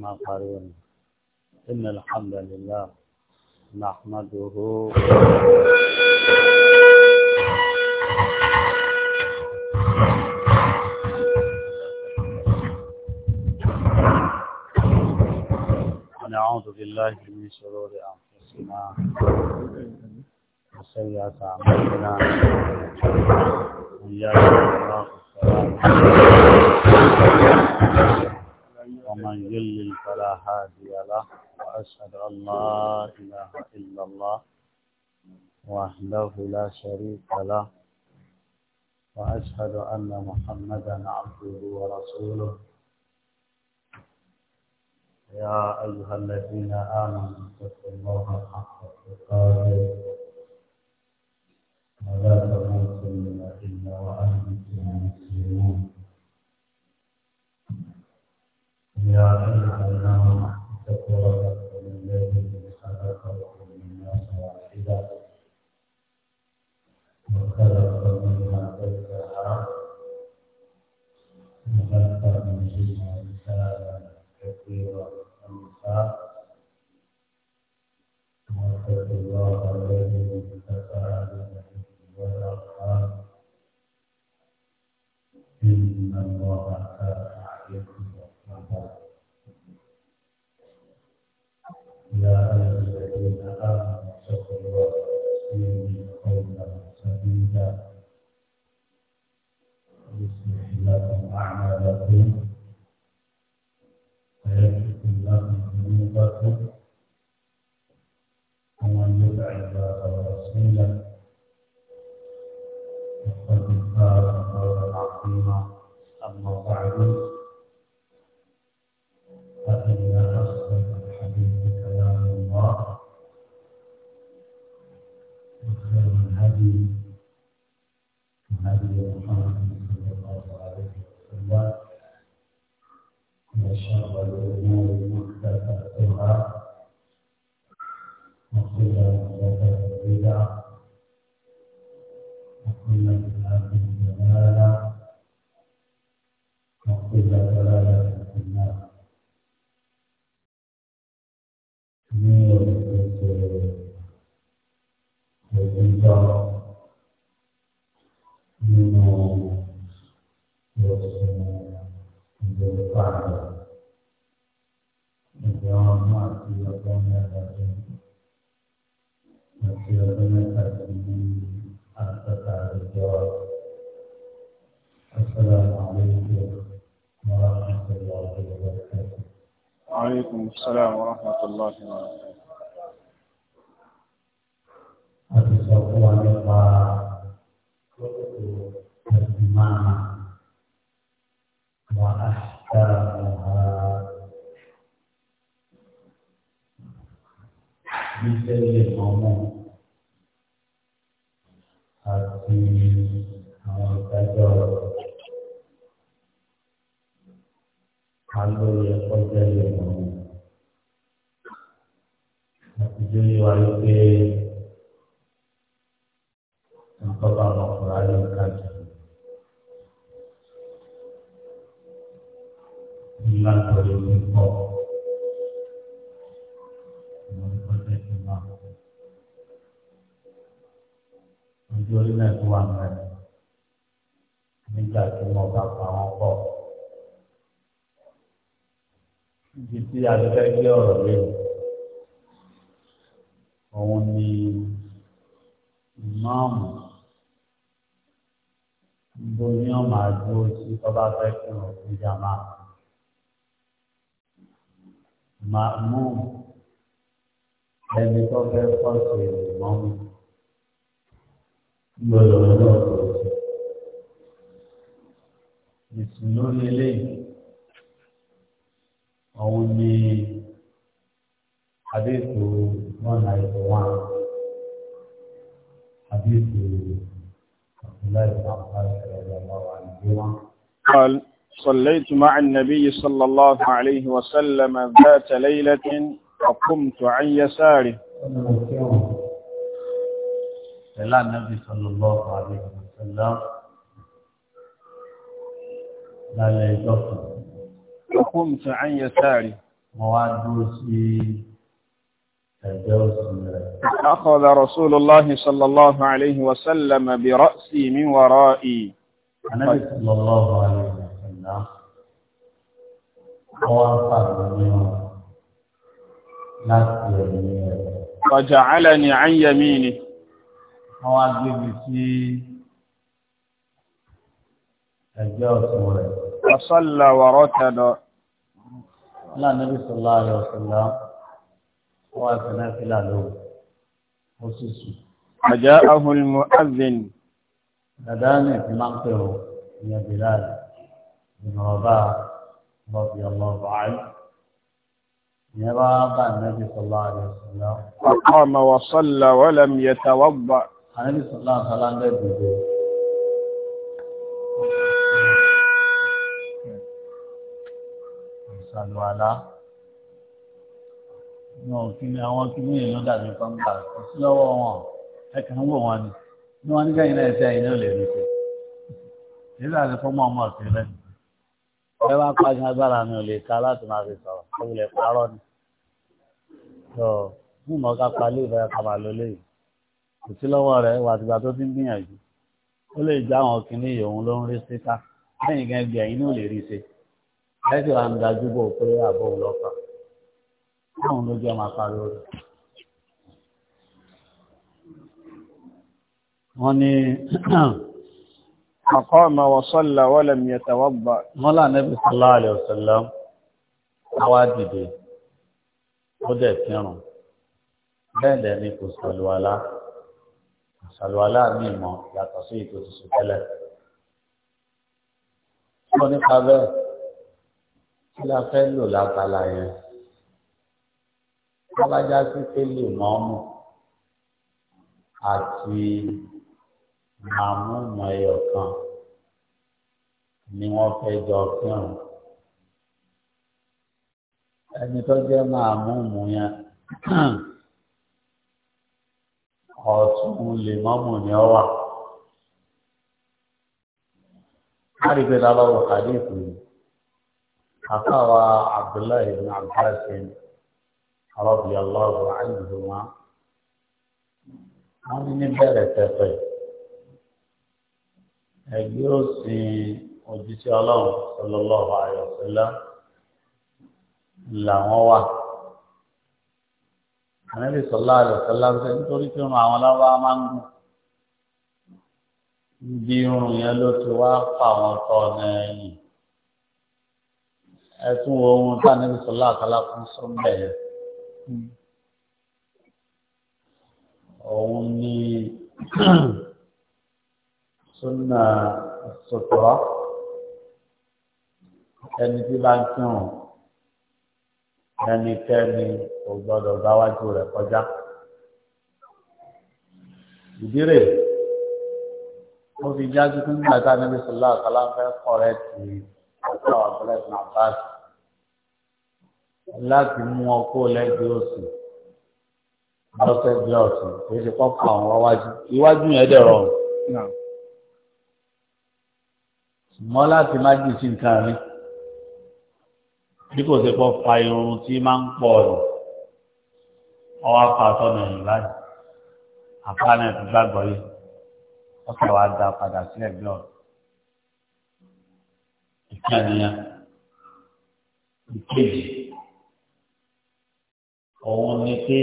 ما قارون إن الحمد لله نحمده ونعوذ بالله من شرور أنفسنا وسيئة أعمالنا من الله ومن يضلل فلا هادي له وأشهد أن لا إله إلا الله وحده لا شريك له وأشهد أن محمدا عبده ورسوله يا أيها الذين آمنوا اتقوا الله حق تقاته يا الله هدي محمد صلى الله عليه وسلم وشر الأمور محدثاتها وكل السلام ورحمة الله وبركاته tí a fẹ́ gbé ọ̀rọ̀ lé òun ni ìmáàmù bó ní ọmọ àdúró tí ọba fẹ́ kí wọn fi jàmá màmú ẹni tó fẹ́ pọ̀ sí ìmọ̀mù gbọdọ̀ lọ́dọ̀ tó ti ìsúná òun ni àdéhùn one ninety one àdéhùn abdullahi abdullahi sallallahu wa صليت مع النبي صلى الله عليه وسلم ذات ليلة فقمت عن يساره صلى النبي صلى الله عليه وسلم لا لا يدخل وقمت عن يساري أخذ رسول الله صلى الله عليه وسلم برأسي من ورائي النبي صلى الله عليه وسلم وجعلني عن يمينه يميني فصلى وركض لا النبي صلى الله عليه وسلم وأثنى في العلوم فجاءه المؤذن نداني في منطقه يا بلال بن رباح رضي الله عنه بابا النبي صلى الله عليه وسلم فقام وصلى ولم يتوضأ النبي صلى الله عليه وسلم ṣàlùwàlá wọn ò kí ni àwọn kí ni èèyàn dàbí pàmpà kò sí lọ́wọ́ wọn ẹ̀ka ń wò wọn ni ní wọn nígbà yìí náà ẹsẹ̀ yìí náà lè rí ṣe nígbà tí fọmọ ọmọ ọ̀sẹ̀ rẹ ẹ wá pàṣẹ agbára mi ò lè ka láti máa fi sọ̀rọ̀ ó wulẹ̀ parọ́ ni tó ní ìmọ̀ ká palẹ̀ ìfẹ́ ká máa lọ léyìí kò sí lọ́wọ́ rẹ̀ wà tìgbà tó ti ń gbìyànjú ó lè já àwọn kìnnìyàn òun ló ń rí síta lẹ́yìn gẹ́gẹ́ ẹ̀yìn náà lè rí ṣe lẹ́sìn wa ń dájú bò pé àbọ̀ òun lọ́pàá báwọn ló jẹ́ máa pariwo rẹ̀. wọ́n ní àkọ́ọ̀mọ̀ wọ̀sọ́là wọ́lẹ̀ mi ẹ̀tẹ̀ wọ́n gbà. wọ́n là nẹ́bí sọ́lá àlẹ́ òṣèlú àwa dìde ó dẹ̀ kírun bẹ́ẹ̀ dẹ̀ ni kò sàlùwàlá sàlùwàlá mi mọ̀ yàtọ̀ sí ètò ìṣòtẹ́lẹ̀. wọ́n nípa bẹ́ẹ̀ kí la fẹ́ lò lábala yẹn lábàjá sí pé lè mọ́mù àti màmúmọ̀ ẹyọ kan ni wọ́n fẹ́ jọ fẹ́ràn ẹni tó jẹ́ màmúmù yẹn ọ̀tún lè mọ́mù ni ọ wà. Má rí pé lábàwọ̀ àdéhùn yìí afáwa abdullahi ibn abbas radiyallahu anhuma wọn ní bẹ̀rẹ̀ tẹ̀fẹ̀ ẹgbẹ́ òsì òjíṣẹ́ ọlọ́run sallallahu alaihi wasallam làwọn wà ànábì sallallahu alaihi wasallam ṣe nítorí pé wọn àwọn lábá máa ń gùn bí irun yẹn ló ti wá pa àwọn tọ́ ọ náà yìí ẹtún wo ohun tá níbi sọlá àkàlà fún sọmbẹ yẹn hmm. òun ni súnà sọtọrọ ẹni tí bá ń kírun ẹnikẹ́ni kò gbọ́dọ̀ gbáwájú rẹ̀ kọjá ìdí rẹ̀ ó fi jáde fún nígbà níbi sọlá àkàlà fẹ́ kọrẹ tì í ọ̀pọ̀ àbúlé ibn Abbas láti mú ọkọ lẹ́gbẹ̀ẹ́ òsì lọ́sẹ̀ bí ọ̀sìn kì í ṣe pọ́pọ́ àwọn iwájú iwájú yẹn dẹ̀ rọrùn. mọ́ láti má jì sí nǹkan rí bí kò ṣe pọ́ fa irun tí máa ń pọ̀ rẹ̀ ọwọ́ fa sọ́nà ẹ̀yìn báyìí àpá náà ti gbàgbọ́ yìí ọ̀sẹ̀ wa dá padà sí ẹ̀gbẹ́ ọ̀sìn ìtànìyà ìkejì òun ni pé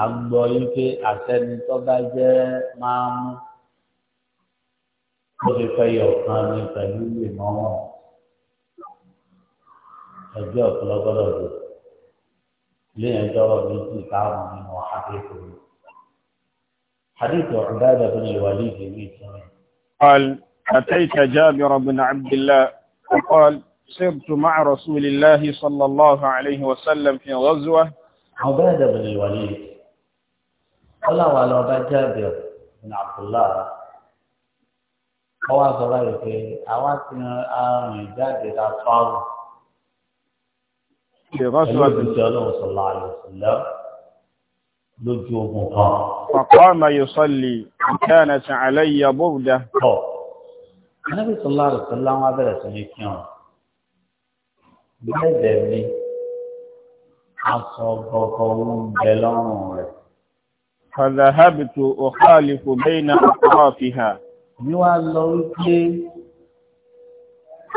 à ń gbọ́ yín pé àtẹni tó bá jẹ́ máa ń tó fi fẹ́ yọ ọ̀kan ní pẹ̀lú ìmọ̀ràn ẹgbẹ́ ọ̀pọ̀lọpọ̀lọ rẹ̀ lẹ́yìn ẹjọ́rọ̀ méjì káàmù nínú àdéhùn rẹ̀. حديث عبادة بن الوليد قال أتيت جابر بن عبد الله وقال سرت مع رسول الله صلى الله عليه وسلم في غزوة عبادة بن الوليد الله وعلى أبا جابر بن عبد الله هو عليه في أواتنا من جابر أصحابه في غزوة صلى الله عليه وسلم لجوه مقام فقام يصلي كانت علي بردة anábì sọlá àlùsọlá wọn abẹ́rẹ́ sí ní kí wọn bẹ́ẹ̀ dẹ̀ ni aṣọ gbọ̀gbọ̀ ń bẹ lọ́rùn rẹ̀. fàdáhàbìtò ọ̀hálìfò bẹ́ẹ̀nà ọ̀pọ̀ àfihà. mi wá lọ wípé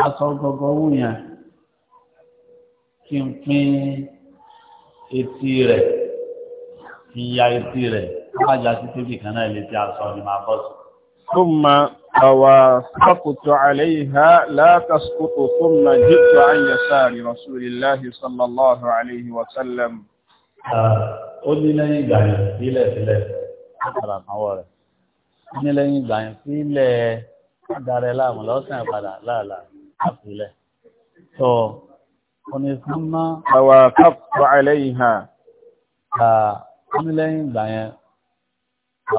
aṣọ gbọ̀gbọ̀ wù yẹn kí n pín etí rẹ̀ kí n ya etí rẹ̀ kí wọ́n á jà sí tóbi kan náà lè ti aṣọ ni màá bọ̀ sí. ó máa. فوافقت عليها لا تسقط ثم جئت عن يسار رسول الله صلى الله عليه وسلم ó ní lẹ́yìn ìgbà yẹn sílẹ̀ sílẹ̀ padà sanwó rẹ̀ ó ní lẹ́yìn ìgbà yẹn sílẹ̀ adarẹ láàmú lọ́sàn padà láàlà àfilẹ̀ tó ó ní súnmọ́. àwa kápọ̀ àlẹ́yìn hàn. ó ní lẹ́yìn ìgbà yẹn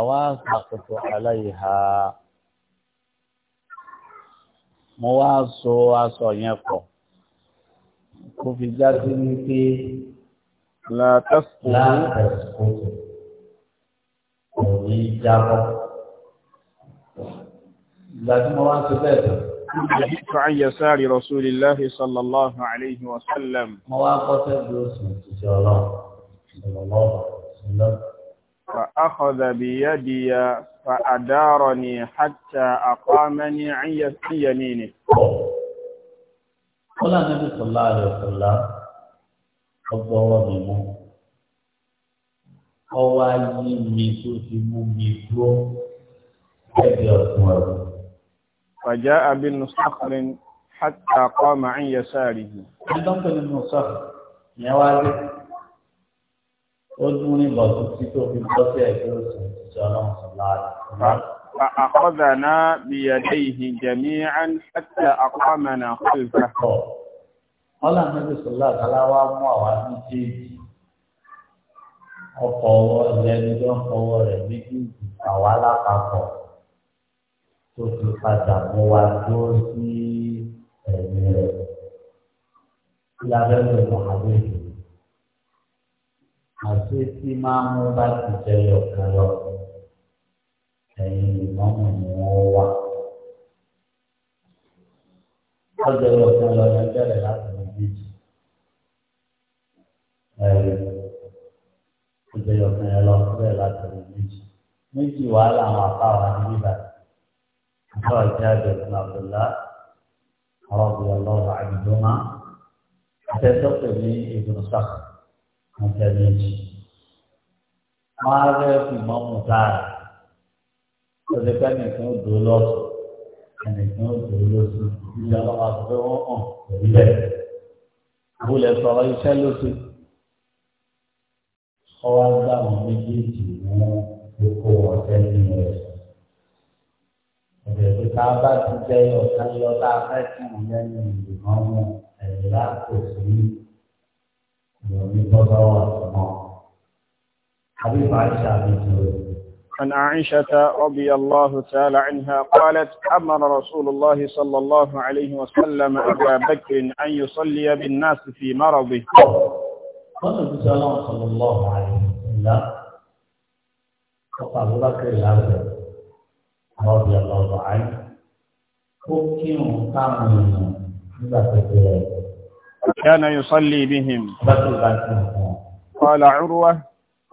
àwa sàkóso àlẹ́yìn hàn mo wá so aṣọ yẹn pọ̀ kó fi jáde ní pé látàkùn kò ní í jábọ́. ìgbà tí mo wá ń ṣe bẹ́ẹ̀ tán. جهدت عن يسار رسول الله صلى الله عليه وسلم مواقف الدروس إن شاء الله صلى الله عليه وسلم فأخذ بيدي فأدارني حتى أقامني عن يمينه قال النبي صلى الله عليه وسلم ọgbọ́wọ́ mi mú ọwọ́ ayé mi tó ti mú mi dúró ẹgbẹ́ ọ̀tún ọ̀rọ̀. فجاء بن صخر حتى قام عن يساره. àdọ́kọ̀ nínú sọ́kù yẹn wá dé ó dún ní bọ̀tún tí tó fi bọ́ sí ẹgbẹ́ òsì ìjọ náà sọ̀rọ̀ láàrín. فأخذنا بيديه جميعا حتى أقامنا خلفه قال النبي صلى الله عليه وسلم ọkọ̀ ọwọ́ ẹni tó ń fọwọ́ rẹ̀ méjì àwa lápapọ̀ tó ti padà mú wa tó sí ẹ̀mí rẹ̀ lábẹ́lẹ̀ mọ̀hábẹ́lì àti tí máa mú bá ti jẹyọ̀ kan lọ ẹ̀yìn ìmọ̀mọ̀ ni wọ́n wà. lọ́jọ́ yóò lọ ní bẹ̀rẹ̀ láti ní bíjì. lọ́jọ́ yóò fún lọ bẹ̀rẹ̀ láti ní bíjì. méjì wàhálà àwọn apá wa ní bíbá. àbúrò jáde fún abdullá ọ̀rọ̀bù ọlọ́run àdìdọ́mà. àtẹ̀tọ́ pè ní ìdùnnú sáà. wọ́n tẹ̀ méjì. wọ́n á rẹ́ fún ìmọ̀mù táàrà ọ̀sẹ̀ pé ẹnìkan ó dòó lọ́sùn ẹnìkan ó dòó lọ́sùn ìdílé ọlọ́wà tó fẹ́ wọ́n hàn pẹ̀lú ẹ̀. àbúlẹ̀ sọ̀rọ̀ iṣẹ́ lóṣù ọwọ́ gbà wọn méjèèjì mú gbogbo ọ̀sẹ̀ nínú ẹ̀. ọ̀sẹ̀ pé ká bá ti jẹ́ ọ̀sán yọ tá a fẹ́ kí wọn lẹ́nu ìgbìmọ̀ mú ẹ̀yìn láàpò sí ìrọ̀lẹ́ bọ́sọ̀ wà sọ́mọ́ àbí màá ṣàbíjọ rẹ̀. عن عائشة رضي الله تعالى عنها قالت أمر رسول الله صلى الله عليه وسلم أبا بكر أن يصلي بالناس في مرضه قال صلى الله عليه وسلم فقال بكر الأرض رضي الله عنه حكم تعمل كان يصلي بهم قال عروة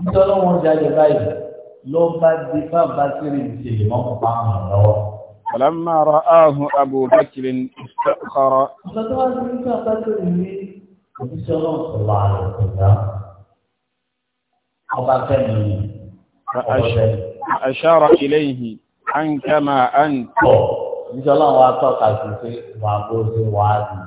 nítorí ọlọ́wọ́n jáde báyìí ló bá di bàbá sírí ìṣẹ̀lẹ̀ mọ́ pa àwọn lọ́wọ́. Fọlọ́mà rọ áhùn Abubakar kọrọ. Ọ̀sán wá sí nípa Abubakar ní òṣìṣẹ́ ọlọ́run sọ̀rọ̀ àrùn ìgbà. Ọba fẹ́mi ni. Àṣàrọ̀ iléyìí, à ń kẹ́ máa ń tọ̀. Ìṣọ́lọ́run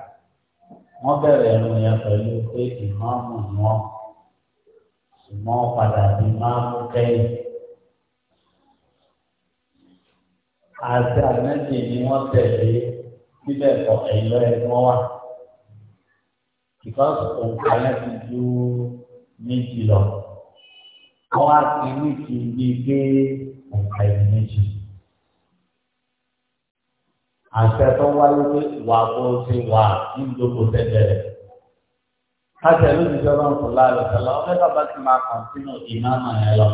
wọ́n bẹ̀rẹ̀ ẹ̀rù yẹn pẹ̀lú pé ìmáàmù ni wọ́n ṣùgbọ́n padà di máàmù kẹ́yìn. àti àmẹ́jì ni wọ́n tẹ̀lé síbẹ̀ kọ ẹ̀yọ́ ẹ̀ wọ́n wà. because òǹkà yẹn ti ju méjì lọ. wọ́n á ti wíìkì bíi pé òǹkà yẹn méjì àṣẹ tó wáyé pé wà kó ti wà ní ìdókòó tẹ́tẹ́rẹ́. káṣẹ ló ti jọba ń fòlá rẹ̀ sọlá ọ̀fẹ́ bàbá ti máa kọ̀ǹtínú ìmáàmà yẹn lọ.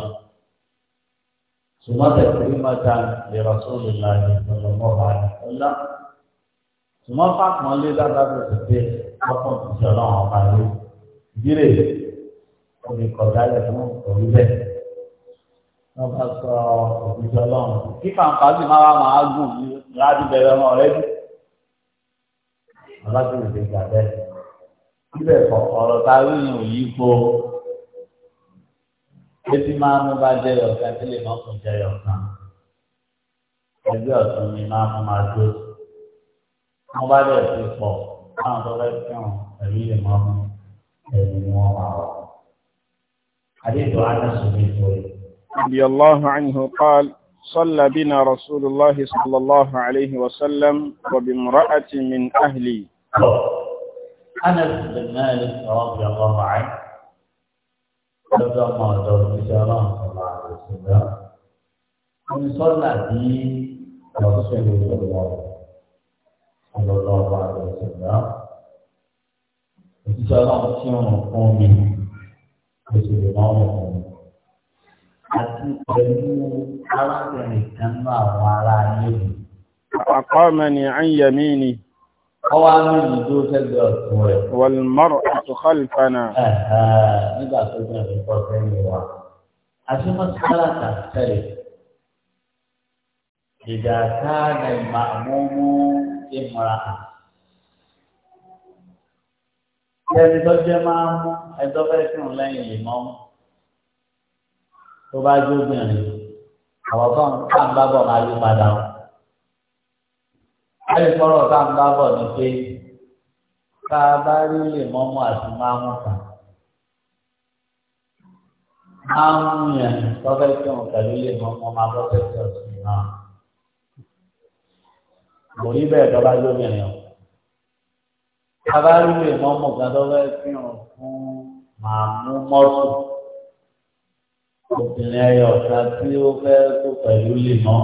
ṣùgbọ́n tẹ̀sí mọ́ta lè rọ sóòlù láàyè ìṣòro mọ́ bá rẹ̀ ọ̀la. ṣùgbọ́n fáàkùn lé dábàá ti pé ọkọ̀ ìṣòro ọ̀hún bá rẹ̀ ìdílé omi kọjá yẹ fún òwúrẹ́ wọ́n bá sọ òbíjọ lọ́rùn kí fàǹfààní máa wá máa gùn ní láti bẹ̀rẹ̀ ọmọ rẹ bí. ọlọ́dún ìdè gbà bẹ́ẹ̀ síbẹ̀ kọ́ ọ̀rọ̀ ta ríyìn òyì kó etí máa mú bá jẹyọ kan tí lè mọ́kùn jẹyọ kan ẹgbẹ́ ọ̀tún mi máa mú máa dó wọ́n bá dẹ̀ ti pọ̀ káwọn tó fẹ́ fẹ́ràn ẹ̀rí lè mọ́kùn ẹ̀rí ni wọ́n máa adé tó á dá sóbi tó yẹ. رضي الله عنه قال صلى بنا رسول الله صلى الله عليه وسلم وبامرأة من أهلي أنس بن مالك رضي الله عنه رضي الله صلى الله عليه وسلم من صلى بي رسول الله صلى الله عليه وسلم إن شاء الله تكون قومي الله àti pẹ̀lú arábìnrin kan ní àwọn ará nílùú. Àkọ́mẹ́ ni à ń yẹmí ni. Ọwọ́ àmì ìdó sẹ́gbẹ̀ẹ́ ọ̀tún rẹ̀. Wàlmọ́rọ̀ àti Kọ́lìfánà. Nígbà tó jẹ́ ìfọ́ sẹ́yìn wa. Àti Mọ́sálà tàbí Ìgbà káàdà ìmàmúmú ìmọ̀ra. Ẹni tó jẹ́ máa mú ẹjọ́ fẹ́ sùn lẹ́yìn ìmọ̀mú tó bá jó obìnrin àwọn kan tá ń bá bọ̀ máa yí padà o. ẹ̀rí fọ́rọ̀ tá ń bá bọ̀ ni pé tá a bá rí lè mọ́mọ́ àti máa mú kàn àwọn yẹn lọ́fẹ́ tí wọn kàlí lè mọ máa lọ́fẹ́ tí náà. mo rí bẹ́ẹ̀ dọ́lá lómìnira o. bàbá rí lè mọ ọmọ kan lọ́fẹ́ tí wọn fún màá mọ́tò obìnrin ẹyọ ọ̀sán tí ó fẹ́ tó pẹ̀lú lè mọ́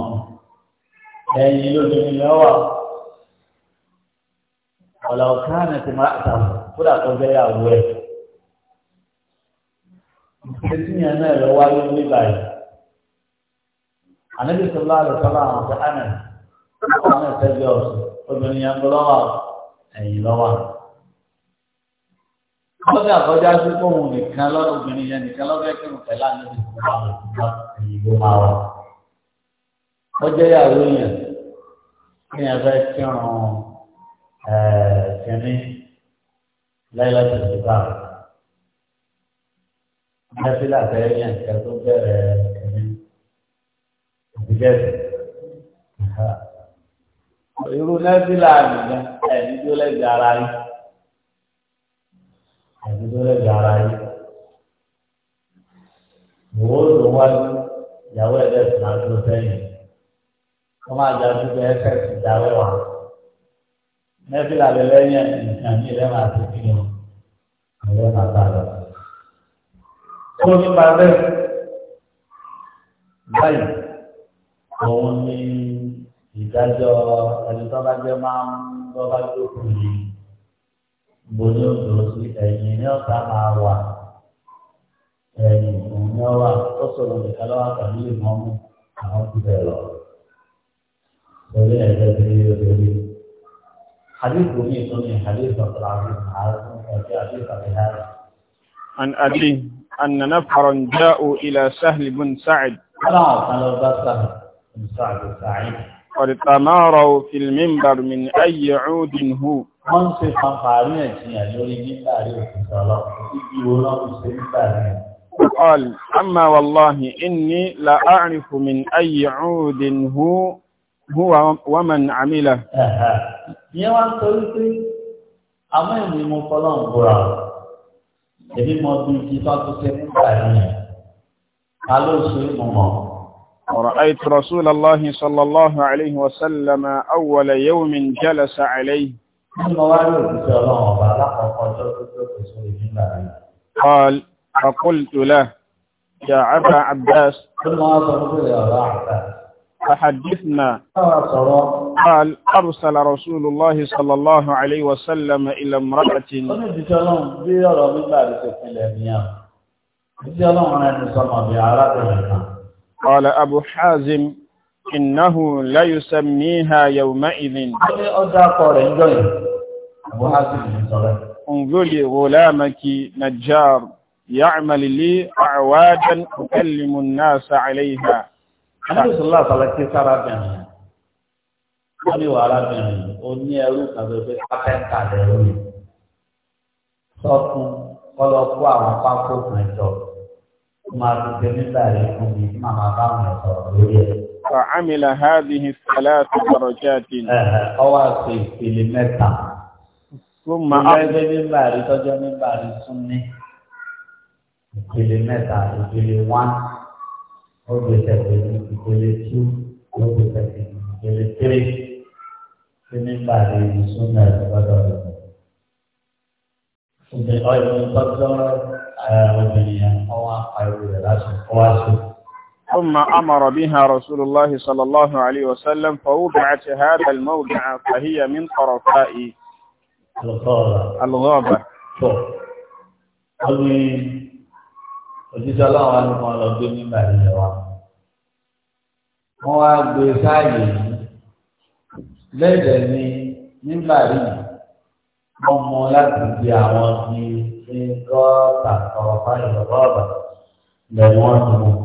ẹyin lóbìnrin lọ́wọ́ ọ̀là ọ̀kánì ti máa tà kódà tó bẹ́ẹ̀ àwọ̀ ẹ̀. Ìṣèjì yẹn náà lọ wáyé ní báyìí. Ànábì sọlá rẹ̀ sọlá àwọn ọ̀sán àná. Àwọn ẹ̀sẹ̀ bí ọ̀sán obìnrin yẹn ń lọ́wọ́ ẹ̀yìn lọ́wọ́ kọ́dà kọjá sí fóun nìkan lọ́nà obìnrin yẹn nìkan lọ́fẹ́ kí n pẹ̀lá níbi tó bá wọn bá ìlú máa wà. kọjá yàwó yẹn kí yẹn fẹ́ kírun kínní lẹ́yìn láti ṣe bá wọn. mẹ́fílà bẹ́ẹ̀ yẹn nìkan tó bẹ̀rẹ̀ kínní ìdílẹ́sì. irú mẹ́fílà nìkan ẹ̀ nídó lẹ́gbẹ̀ẹ́ ara yìí ẹni tó lè dára yìí ìwọ ló wá ìyàwó ẹ̀dẹ̀ tó máa tó sẹ́yìn wọ́n máa dá dúdú ẹsẹ̀ sí dáwẹ́ wa nẹ́fìlà lè lẹ́yìn nǹkan ní ilé máa ti kí ni àwọn máa bá lọ. tó nípa bẹ́ẹ̀ báyìí òun ni ìdájọ́ ẹni tó bá jẹ́ máa ń lọ́ bá jókòó yìí gbolo gbòòsì ẹ̀yìn ní ọ̀tá máa wà ẹ̀yìn òun ní ọ̀wà ó sọ̀rọ̀ nìkan lọ́wọ́ pẹ̀lú ìmọ̀mú àwọn ti bẹ̀ lọ. Orí ẹ̀jẹ̀ ti obìnrin. Hadith omi tó ní hadith ọ̀tọ̀lá àrùn àrùn ọ̀jọ́ hadith àbíhárà. An Adi, أن نفرا جاءوا إلى سهل بن سعد. لا قالوا سهل بن سعد سعيد. قد تماروا في المنبر من أي عود هو wọ́n ń ṣe fanfa àríyànjiyàn lórí nígbà rí òkúta lọ ibi wo lọ́rùn ṣe nígbà rí قال أما والله إني لا أعرف من أي عود هو هو ومن عمله يوان تلقي أما يمي مطلع برا يبي ما تلقي تلقي قالوا شيء مما ورأيت رسول الله صلى الله عليه وسلم أول يوم جلس عليه قال فقلت له يا أبا عباس فحدثنا قال أرسل رسول الله صلى الله عليه وسلم إلى امرأة قال أبو حازم إنه لا يسميها يومئذ انظري غلامك نجار يعمل لي أعوادا أكلم الناس عليها النبي الله عليه وسلم wọ́n ní wàhálà mẹ́rin ó ní ẹrú kan tó fẹ́ kápẹ́ńtà lẹ́rú yìí sọ́kùn kọ́lọ́ kó àwọn pákó kan jọ máa fi ṣe nígbà rẹ̀ fún mi kí màmá bá wọn lórí ẹ̀. فعمل هذه الثلاث درجات قواسي في المتع ثم أقل من باري تجا من باري سنة ìpele mẹ́ta ìpele one ọgbẹ tẹsẹ ní ìpele two ọgbẹ tẹsẹ ní ìpele three tí nígbà tí ìsúná ìgbọ́dọ̀ lọ. obìnrin ọ̀yọ́ tọ́jọ́ obìnrin yẹn wọ́n wá pariwo rẹ̀ láti kọ́ wá sí i. ثم أمر بها رسول الله صلى الله عليه وسلم فوضعت هذا الموضع فهي من طرفاء الغابة òjíṣẹ́ ọlọ́run alùpùpù ọlọ́gbé nígbà ilẹ̀ wa wọ́n wá gbé sáàyè yìí lẹ́dẹ̀ ní nígbà yìí wọ́n mú láti di àwọn bíi ṣe gọ́ọ̀tà ọ̀rọ̀ fáyọ̀ lọ́ọ̀bà lẹ́wọ̀n tó mú.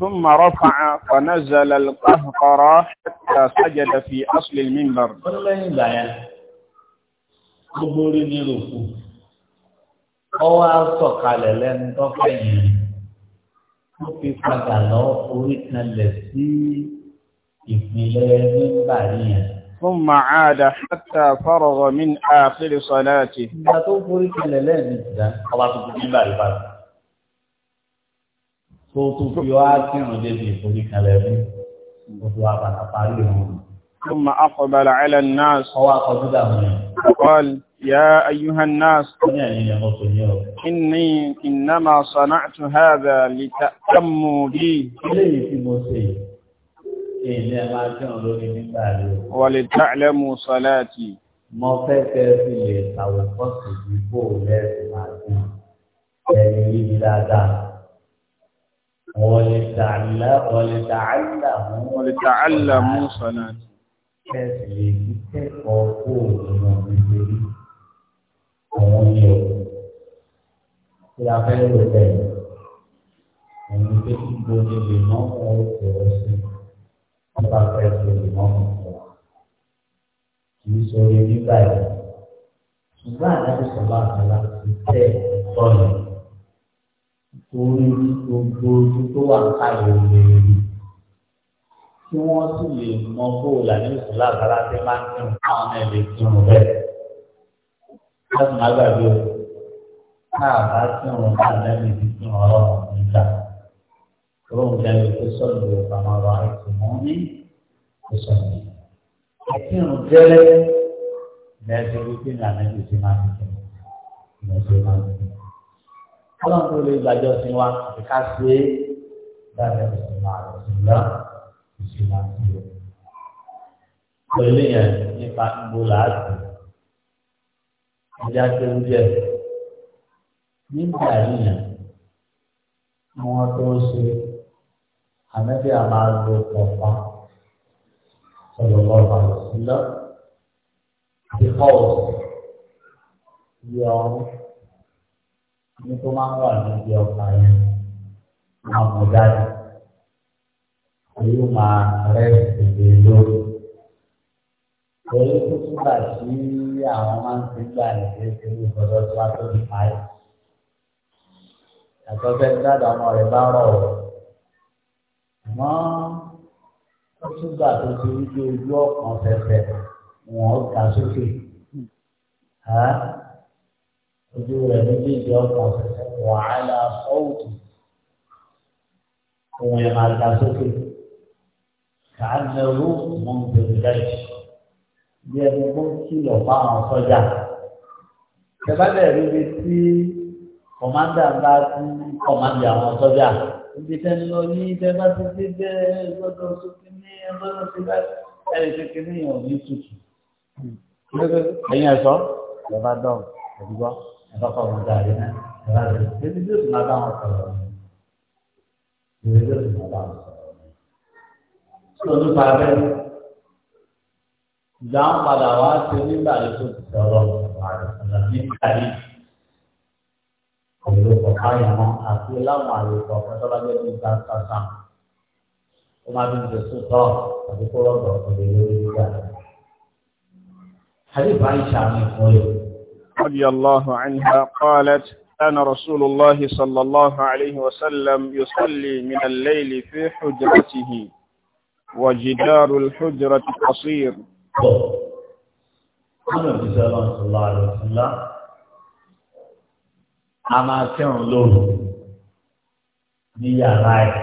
ثم رفع ونزل القهقرة حتى سجد في أصل المنبر gbogbo orí ní lẹ́nu tọ́kẹ́ yìí ó fi padà lọ orí kanlẹ̀ sí ìpínlẹ̀ nígbà yẹn. ثم عاد حتى فرغ من آخر صلاته. ìgbà tó forí kanlẹ̀ lẹ́nu ìjà ọba tuntun nígbà yìí kó o tún fi wá kírun débi ìforí kan lẹ́nu o tún wá padà parí ìrun. ثم أقبل على الناس وقال يا أيها الناس إني إنما صنعت هذا لتأتموا بي ولتعلموا صلاتي mo fẹ́ kẹ́ fi lè ṣàwòkọ́sì ìbò rẹ̀ máa dùn ẹ̀yìn yìí dáadáa Ọlẹ̀tàálà mú sọ́láàtì. Kẹ́sì lè fi kẹ́kọ̀ọ́ kó òmìnà nítorí àwọn ní ọ̀. Tí a fẹ́ lò bẹ̀rẹ̀, ẹni pé kí gbogbo lè mọ́ fún oṣù ọ̀sẹ̀, wọ́n bá fẹ́ lò lè mọ́ fún Kì í sọ orí nígbà Ṣùgbọ́n àdáyé sọ̀rọ̀ àgbàlá ti tẹ̀ ìtọ́nà torí gbogbo ojú tó wà káyọ̀ lè rí kí wọ́n sì lè mọ bóòlù àti ìsúlá àbára tí máa ń kírun káwọn náà lè kírun bẹ́ẹ̀. láti má gbàgbé o káà bá kírun káà lẹ́nu ti kírun ọlọ́run níta. olóhùn jẹ́rìí tó sọ̀rọ̀ lè pamọ́ ọ̀rọ̀ àìsàn mọ́ ní ìsọ̀rọ̀. àkírun jẹ́lẹ́ lẹ́ẹ̀dẹ́gbẹ́gbẹ́ ní àná máa ń kírun. ìmọ̀ máa ń kírun ọlọ́run tó lè gbàjọ sí wa àti ká ṣe é dáadáa ìṣúná ìṣúná ìṣúná ìṣúná. pẹ̀lú yẹn nípa gbogbo làásì ìjà tó ń jẹ nígbà yíyan àwọn tó ń ṣe àmẹ́bí àmà lo pọ̀pá ọ̀lọ́lọ́ àlùsílẹ̀ àti kọ́ọ̀sì yọ ọ́ ní tó máa ń wà níbi ọkà yẹn máa mú dájú èyí máa rẹ ìdè lórí èyí tó túbà sí àwọn máa ń ti gbà ní kékeré ìgbọ́dọ̀ tó wá tó ní báyìí àtọ́fẹ́ dáadáa ọmọ rẹ̀ bá rọ̀ ọ́ àmọ́ ó túbà tó ti rí ojú ọ̀kan fẹ́fẹ́ wọn ó ga sókè ojú rẹ̀ méjèèjì ọkàn wàhálà fọ́ọ̀tù ohun ẹ̀ máa ga sókè kàánẹ́rú mọ́ńtẹ́rẹ́dáì bí ẹni tó ń kìlọ̀ fáwọn sọ́jà tẹ̀bálẹ̀ rí bi tí kọ̀mándà bá ti kọ̀mándì àwọn sọ́jà ibi tẹ́ni lọ ní tẹ́bá ti bẹ́ẹ̀ gbọ́dọ̀ sókè ní ẹgbọ́dọ̀ sí bẹ́ẹ̀ ẹ̀rì kékeré yẹn ní tutù ẹ̀yin ẹ̀sọ́ lọ́ba dọ́ọ̀ ẹ̀dúgbọ́ ẹ̀fọ́fọ́ ọmọ gàrí náà ẹ̀fọ́ rẹ̀ ẹni tí ó sì máa bá wọn sọ̀rọ̀ ni ìwé yóò sì máa bá wọn sọ̀rọ̀ ni. tí o nípa bẹ́ẹ̀ ìgbà ń padà wá sí nígbà yìí tó ti sọ̀rọ̀ ọ̀nà ní káyé òwúrò kọ̀ọ̀kan yẹn mọ́ àti láwọn àyè kọ̀ọ̀kan tó bá jẹ́ bí gbà sàṣà ó máa bí ṣe sùtọ̀ àti kó rọ̀gbọ̀ òde lórí ìgbà. Àdébáyé ṣàmì fún yóò. رضي الله عنها قالت كان رسول الله صلى الله عليه وسلم يصلي من الليل في حجرته وجدار الحجرة قصير صلى الله عليه وسلم أما كان له ni ògiri yàrá yẹn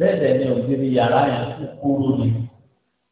kú kúrú ni ogiri yara yen ku ni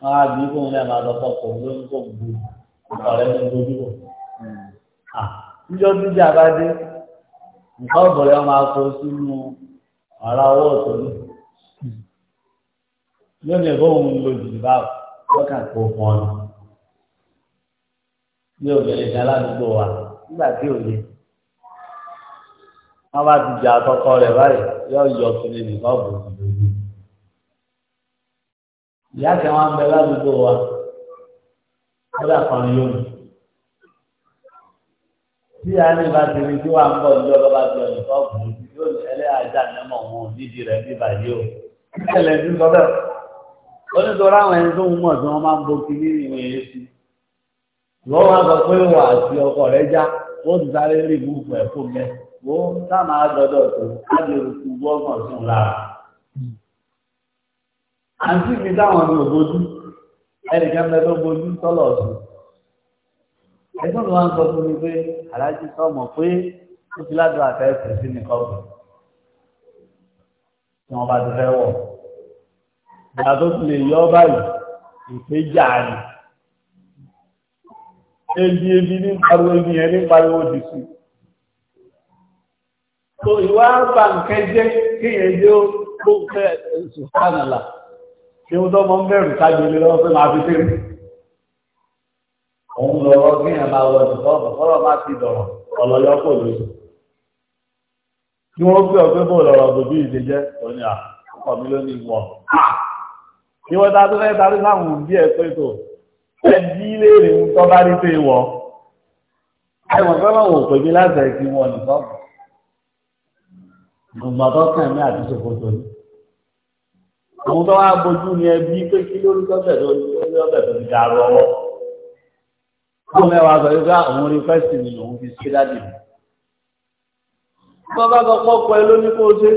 wọn á bí kóun náà máa lọ sọkò ló ń kó bu ọ̀rẹ́ ló ń dojú bò. níjọ́ dídí abájé nǹkan ọ̀bọ̀rẹ́ wọn máa kó sínú ọ̀rá ọwọ́ ọ̀tọ̀ ní. lónìí ìbọn ń lo jìbì báwò wọ́n kà kó fún ọ ní obìnrin kan ládùúgbò wa nígbà tí ò yẹ bá ti jà àtọkọ rẹ báyìí yóò yọ kiri nìkan bò sí lójú ìyá kan wá ń bẹ ládùúgbò wa kódà kan lónìí tí a ní bá ti rí tí wàá ń bọ̀ ní ọlọ́ bá ti ọ̀nà tó kù yóò ní ẹlẹ́yà ajá nẹ́mọ̀ wọn nídìí rẹ̀ bí bàjẹ́ o ẹlẹ́ ti sọ bẹ́ẹ̀ ó ní sọ ráwọn ẹni tó ń mọ̀ tí wọ́n máa ń bo kiri ìwé yẹn sí wọ́n wá sọ pé wà àti ọkọ rẹ̀ já ó ti sáré rí ìmúfẹ́ fún mi wọ́n sáà máa gbọ́dọ̀ tó á lè kú gbọ́ngàn sí lára àti ìbí táwọn ọmọ òbójú ẹnìkan mẹ́tọ́ bojú tọ́lọ̀ ọ̀sùn ẹgbẹ́ mi máa ń sọ fún mi pé aláàjì sọmọ pé ó ti ládùn àfẹ́ ẹ̀sìn sí ní kọ́ọ̀bù tí wọ́n bá ti fẹ́ wọ̀ ìgbà tó ti lè yọ báyìí ìpéjà ni ebi ebi ní pariwo ebi yẹn ní pariwo dì sí so ìwà àgbà nǹkan kéèyàn jẹ́ ó kó fẹ́ eh, sùfánàlà ṣé ó tọ́mọ ń bẹ̀rù ságbélé lọ́wọ́ pé máa fi tẹ́lẹ̀ òun lọ́wọ́ kí èèyàn máa wọ ẹ̀sùn tọ́ọ̀bù kọ́rọ̀ má ti dọ̀rọ̀ ọ̀lọ́yọ́ kò lóṣù kí wọ́n gbé ọ̀gbẹ́ bò lọ́rọ̀ bòbí ìdè jẹ́ òní à ọkọ̀ mi ló ní ìwọ̀ kí wọ́n dáadó fẹ́ darí láwọn òbí ẹ̀ pé tó ẹ̀ bí léèrè ń tọ́ bá rí pé wọ́ ẹ̀wọ̀n fẹ́ máa wò pé mi láti ẹ̀ kí wọ́n nìkan gbọ̀ngàn tó kàn mí àti ṣòfò tó àwọn tó wá bójú ni ẹbí pé kí ló lọ́bẹ̀ tó lọ́bẹ̀ tó ti dàrú ọwọ́ kó mẹ́wàá sọ wípé àwọn orí fẹ́sì ni òun fi ṣe dáàdì mi. wọ́n bá sọ pé ọkọ̀ ẹ ló ní kó o ṣe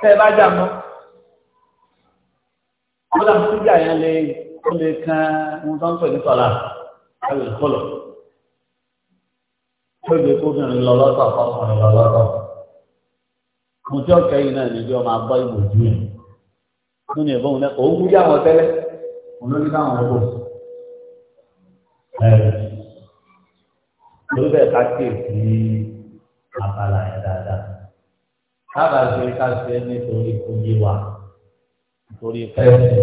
tẹ́ ẹ bá jà mọ́. wọ́n dà sí ìjà yẹn lè ó lè kan ohun tó ń pè ní sọ̀la ẹ̀rù ìkọlọ̀. ó lè kó lọ lọ́sọ̀ ọkọ̀ lọ lọ́sọ̀. mo tí ọ̀kẹ́ yìí náà níbi ọmọ abọ́ ìbòjú yẹn nínú ìbọn òun lẹ́kọ̀ọ́ ó mú jáwọn tẹ́lẹ̀ òun ló ní káwọn lórí bẹ́ẹ̀ ká kéèsì abala yẹn dáadáa káàbà ṣe ká ṣe nítorí oye wa nítorí pẹ́ẹ́sì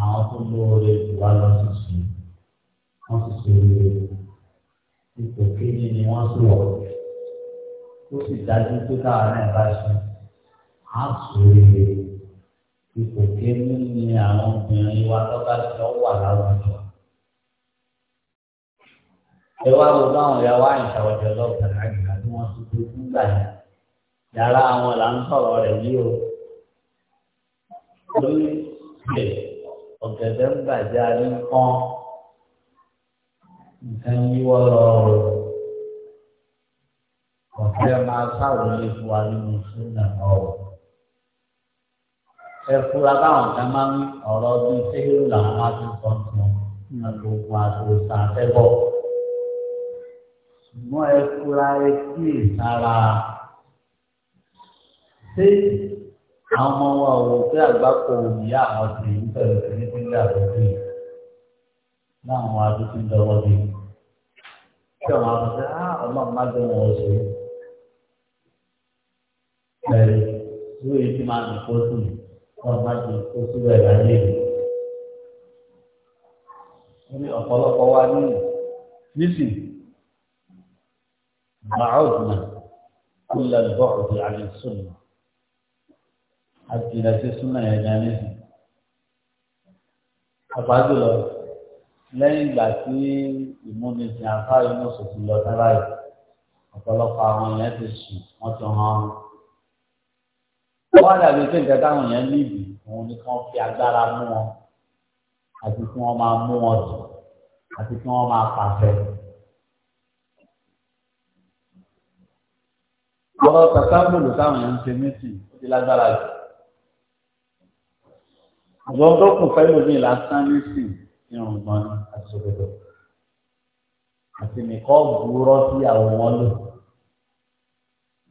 àwọn tó lóore ìwà lọ sí sí wọ́n sì ṣe ipò kíní ni wọ́n sì wọ̀ ó sì dájú pé káwọn náà bá ṣe á sọ oríire ipò kéwú ni àwọn obìnrin wa lọ́ba jọ wà láwùjọ. ẹ wá wo báwọn ìyá wa àyìnṣà ọjọ́ lọ́ọ̀tà àgbà tí wọ́n ti dojú gbà yẹn yàrá àwọn là ń sọ̀rọ̀ rẹ̀ yìí o. lórí ilẹ̀ ọ̀gẹ̀dẹ̀ ń bàjẹ́ adé ń pọ́n nǹkan yíwọ́ lọ́rọ̀ ọ̀gẹ̀dẹ̀ máa sáwọlé fún wa nínú sínú ọ̀rọ̀ ẹ̀fúra báwọn kan máa ń ọ̀rọ̀ bíi sẹ́yìn làwọn máa ti sọ hmm. sí wọn gbogbo àtòsà fẹ́bọ̀. ṣùgbọ́n ẹ̀fúra etí ìsara ṣé àwọn ọmọ wa ò pé àgbákò ìyá àwọn ti ń bẹ̀rẹ̀ sí ní pínlẹ̀ àdókè láwọn adókè lọ́wọ́ bí kí àwọn àbúrò ah, ọlọ́run má gbé wọn ṣe. Ẹ̀rí ló yẹ kí máa nìkó sí mi wọn má ti kó sílẹ̀ láyé rẹ̀. wọ́n ní ọ̀pọ̀lọpọ̀ wa ní nísì bàáùdùnà kúlẹ̀ bọ́ọ̀dù àti súnmù àti ìrẹsì súnmù yẹn ní nísì. àpájù lọ lẹ́yìn ìgbà tí ìmúnisìn àfáà yìí mọ̀ sòtún lọ sára yìí ọ̀pọ̀lọpọ̀ àwọn yẹn ti sùn wọ́n ti hàn án wọ́n dàbí pé nǹkan táwọn èèyàn níbi òun ni kàn fi agbára mú wọn àti kí wọ́n máa mú wọn dùn àti kí wọ́n máa pàṣẹ. ọ̀rọ̀ tàkàbùlù táwọn èèyàn ń ṣe méjì ó ti lágbára jù. àwọn tó kù fẹ́ lómi lásán nísì irun gan àti ṣòkòtò àti nìkan gbúrọ́ sí àwọn wọn lò.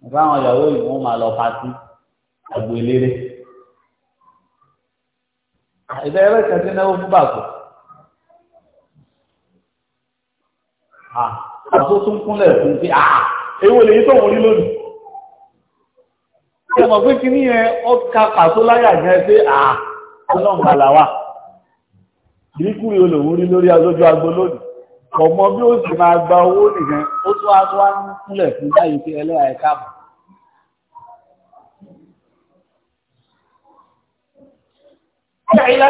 ìfáwọn ìyàwó ìwọ̀n máa lọ pátí àgbo eléré ìbẹ́ ẹ̀rọ ìtẹ́sí náwó fún bàtò àtò tún kúnlẹ̀ fún pé èwo lè yí tó wọlé lónìí ẹ mọ̀ pé kíní yẹn ọkà pàtó láyà yẹn pé ọlọ́run kàlà wà ìríkùrí olówó rí lórí azójú agbo lónìí ọmọ bí ó sì máa gba owó nìyẹn ó tún wá tún wá ń kúnlẹ̀ fún báyìí pé ẹlẹ́yà ẹ̀ka mọ̀. fáìlà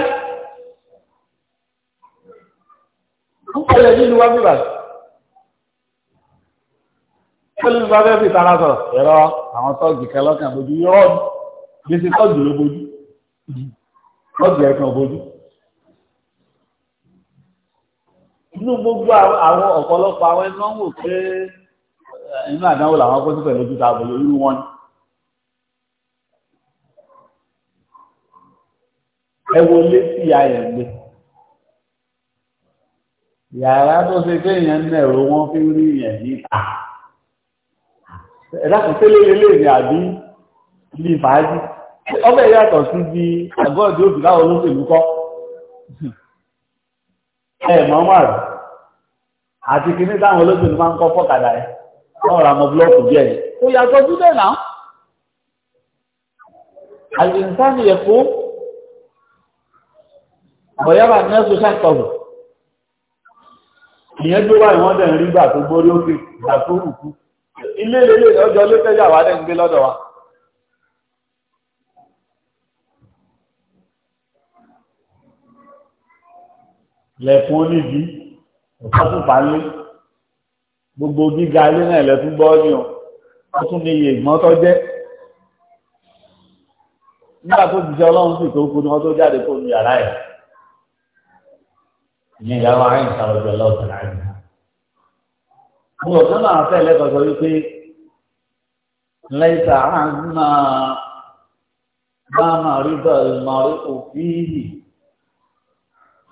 kúkọlẹ̀ nínú wa bíbà kọ́lé nípa bẹ́ẹ̀ fi tara sọ̀rọ̀ ẹ̀rọ àwọn tọ́ọ̀gì kẹlọ́kàn bójú yọ̀ọ́ bí ti tọ́ọ̀gì ló bójú tọ́ọ̀gì ẹ̀kan bójú. inú gbogbo àwọn ọ̀pọ̀lọpọ̀ àwọn ẹni wọ́n wò pé eh, inú àdánwò làwọn kó sí pẹ̀lú ojú ta àbòyí orí wọn ni. ẹ wọlé sí ìyá yẹn gbé yàrá tó ṣe pé èèyàn ń ẹ̀rọ wọn fi rí yẹn níta ẹ̀dá kò tẹ́lẹ̀ lélẹ̀ ní àbí ilé fàájì ọbẹ̀ yàtọ̀ sí bí àgọ́ọ̀dì òbí láwọn olóṣèlú kọ́ ẹ mọ́mọ́r àti kìíní táwọn olóṣèlú máa ń kọ́ fọ́kàdà ẹ̀ ọ̀rọ̀ àmọ́ búlọ́ọ̀kù díẹ̀ ó yàtọ̀ sí bẹ́ẹ̀ náà àlìsàn yẹ fún bọ̀yábà nẹ́sù ṣàtọ̀wù ìyẹn tó wà ìwọ́n dẹ̀ ń rí gbà tó gbórí òkè gbà tó rùkú ilé lélẹ̀ lọ́jọ́ ló tẹ́jà wà dẹ̀ ń gbé lọ́dọ̀ wa lẹ̀kùn oníbi ọ̀pọ̀pọ̀pálé gbogbo gíga ilé náà lẹ́tún gbọ́ ní ọ wọ́n tún ní iye ìgbọ́ntọ́ jẹ́ nígbà ìyẹn ìyàwó àárín ìsàlọ̀ ọjọ́ ọlọ́ọ̀tàn láàrin náà. mo rò sọ́nà àwọn afẹ́ lẹ́kọ̀ọ́ sọ wípé lẹ́sà á máa bá máa rí bọ́ọ̀lù máa rí òfìrí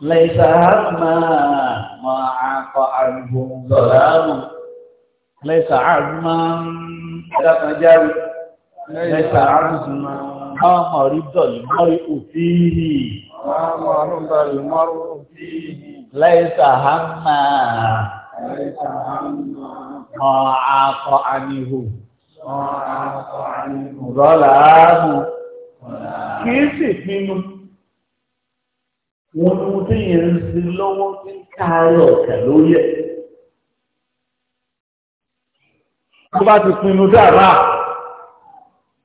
lẹ́sà á máa máa akọ àdúgbò lọ́la lẹ́sà á máa ń dákan lẹ́sà á máa. Mọ́mọ̀rí dọ̀lì mọ́rí òfíìhì. Mọ́mọ̀rí dọ̀lì mọ́rí òfíìhì. Lẹ́yìnsà hàmà. Lẹ́yìnsà hàmà. Mọ̀ àkọ́ àníhù. Mọ̀ àkọ́ àníhù. Rọ́lá ámù. Kì í sì pinnu. Wọ́n mú tí yẹn ń sin lọ́wọ́ tí káàárọ̀ ọ̀kẹ́ lórí ẹ̀. Tó bá ti pinnu dáadáa.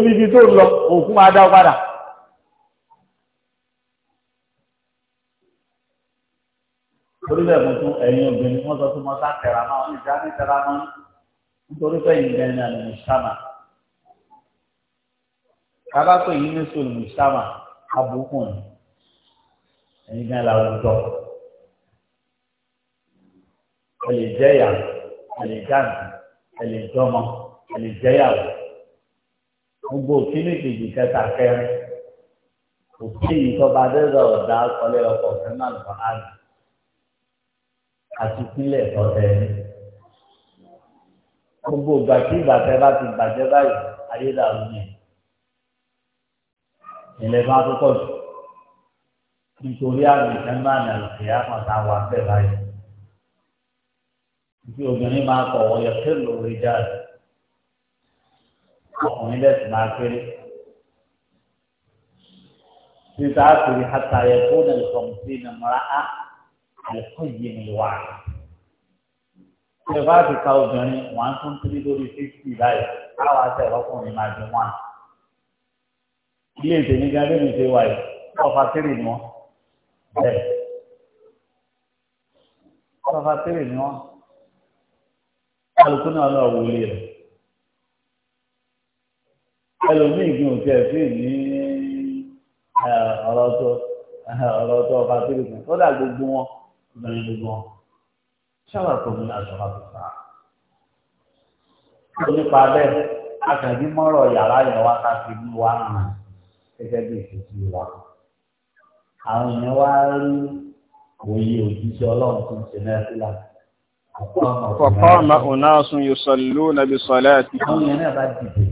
níbi ibi tó lọ òkú máa dá padà. torí bẹ́ẹ̀ mo tún ẹ̀yin obìnrin wọ́n sọ fún mọ́tà tẹ̀ra máa ń já ní tẹ̀ra máa ń nítorí fẹ́yìn gan-an ní àlùmùsámà. kábà pé yìí ní sùn àlùmùsámà abúkù ni ẹ̀yin gan-an làwùjọ. ẹ lè jẹ́ ìyàwó ẹ lè jọmọ ẹ lè gbogbo kíní kejì kẹta kẹrin òkè ìtọ́ba dẹ́rẹ́ ọ̀dà akọlé ọkọ̀ fẹ́mà lọ́kọ̀ àná àti sílẹ̀ tọ́tẹ́ ní. gbogbo ìgbà tí ìbàtẹ́ bá ti bàjẹ́ báyìí ayédàrú ni ilẹ̀ bá tó pọ̀ jù nítorí àmì fẹ́mà nàìjíríà kan tá a wà bẹ́ẹ̀ báyìí. bí obìnrin máa kọ̀ wọ́n yẹ kí jáde ọkùnrin lẹ́sìn máa kéré. Títa àkùrì hàtà yẹ kó nà lè fọ̀mù sí nà mọ́ra á àlẹ́kùn yìí ni wà. Ṣé bá ti ka obìnrin one two three lórí fifty báyìí káwa ṣe ọkùnrin máa di one. Ilé ìtẹ̀lé gan lórí ìṣe wà yìí ọ̀fà tírì ni wọ́n. Bẹ́ẹ̀ ọ̀fà tírì ni wọ́n. Alùpùpù náà lọ wọlé rẹ̀ ẹlòmíì gbin òtí ẹ̀ sí ní ọ̀rọ̀ tó ọ̀rọ̀ tó kan? tó lè gbìn kódà gbogbo wọn ìgbàlẹ̀ gbogbo wọn ṣáwà tó ní àṣọra tó fà á. nípa bẹ́ẹ̀ akàndí mọ́rọ̀ yàrá yẹn wá ká fi mú wa hàn gẹ́gẹ́ bí ìṣèjì wa. àwọn èèyàn wá rí òye òjíṣẹ́ ọlọ́run tó ń ṣe mẹ́fílà. Fọ̀kọ́ ọmọ òun náà sún yóò sọ lónà bí sọlẹ́ àti. Àwọn èèyàn náà bá dìde.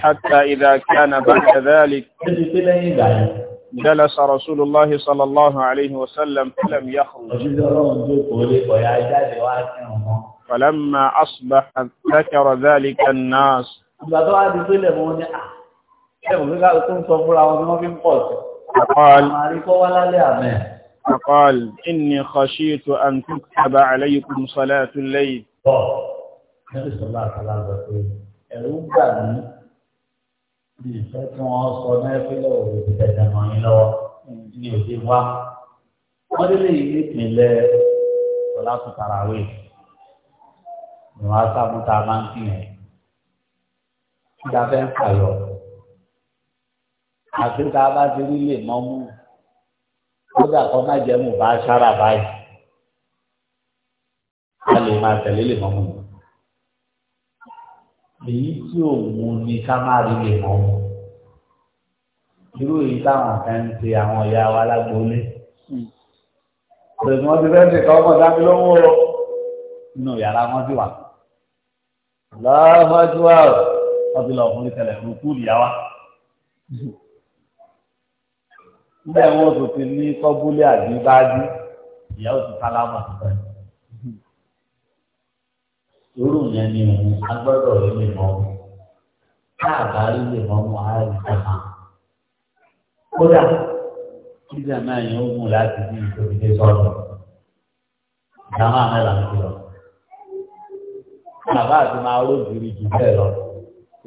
حتى إذا كان بعد ذلك إيه جلس رسول الله صلى الله عليه وسلم فلم يخرج فلما أصبح ذكر ذلك الناس آه. إيه، فقال فقال إني خشيت أن تكتب عليكم صلاة الليل níbi sọlá àtàlà sọ pé ẹ̀rù gbà mí bí ìfẹ́ tí wọ́n sọ mẹ́fílẹ̀ òwe ti tẹ̀tẹ̀ mọ́ yín lọ́wọ́ ní òde wá. wọ́n délé yìí nípìnlẹ̀ sọlá tó tarawé ni wọ́n á sábúta máa ń kí yẹn. kí la fẹ́ fàyọ̀ àti tá a bá ti rí lè mọ́ mú kódà kọ́ má jẹ́ mú bá a ṣára báyìí. a lè máa tẹ̀lé lè mọ́ mú mi èyí tí ò mú ni ká má rí lè mọ́ irú èyí táwọn kan ń ṣe àwọn ìyá wa lágbóolé pẹ̀lú wọn ti fẹ́ ṣe kọ́ ọmọ dábí lọ́wọ́ inú yàrá wọn sì wà lọ́wọ́jú wa wọ́n ti lọ fún mi tẹ̀lẹ̀ fún wa nígbà wọn ò tó ti ní kọ́búlé àbí ìyá ò ti sálámà tó bẹ̀rẹ̀. sùúrù yẹn ni agbọdọ agbọ́dọ̀ rí lè mọ́ ọ́n káàbá rí lè mọ́ ọ́n ara rẹ̀ sábà. kódà nígbà náà yẹn ó mú láti bí ìtòkìtì sọ̀rọ̀ ìdáhùn àmẹ́là ń lọ. lọ.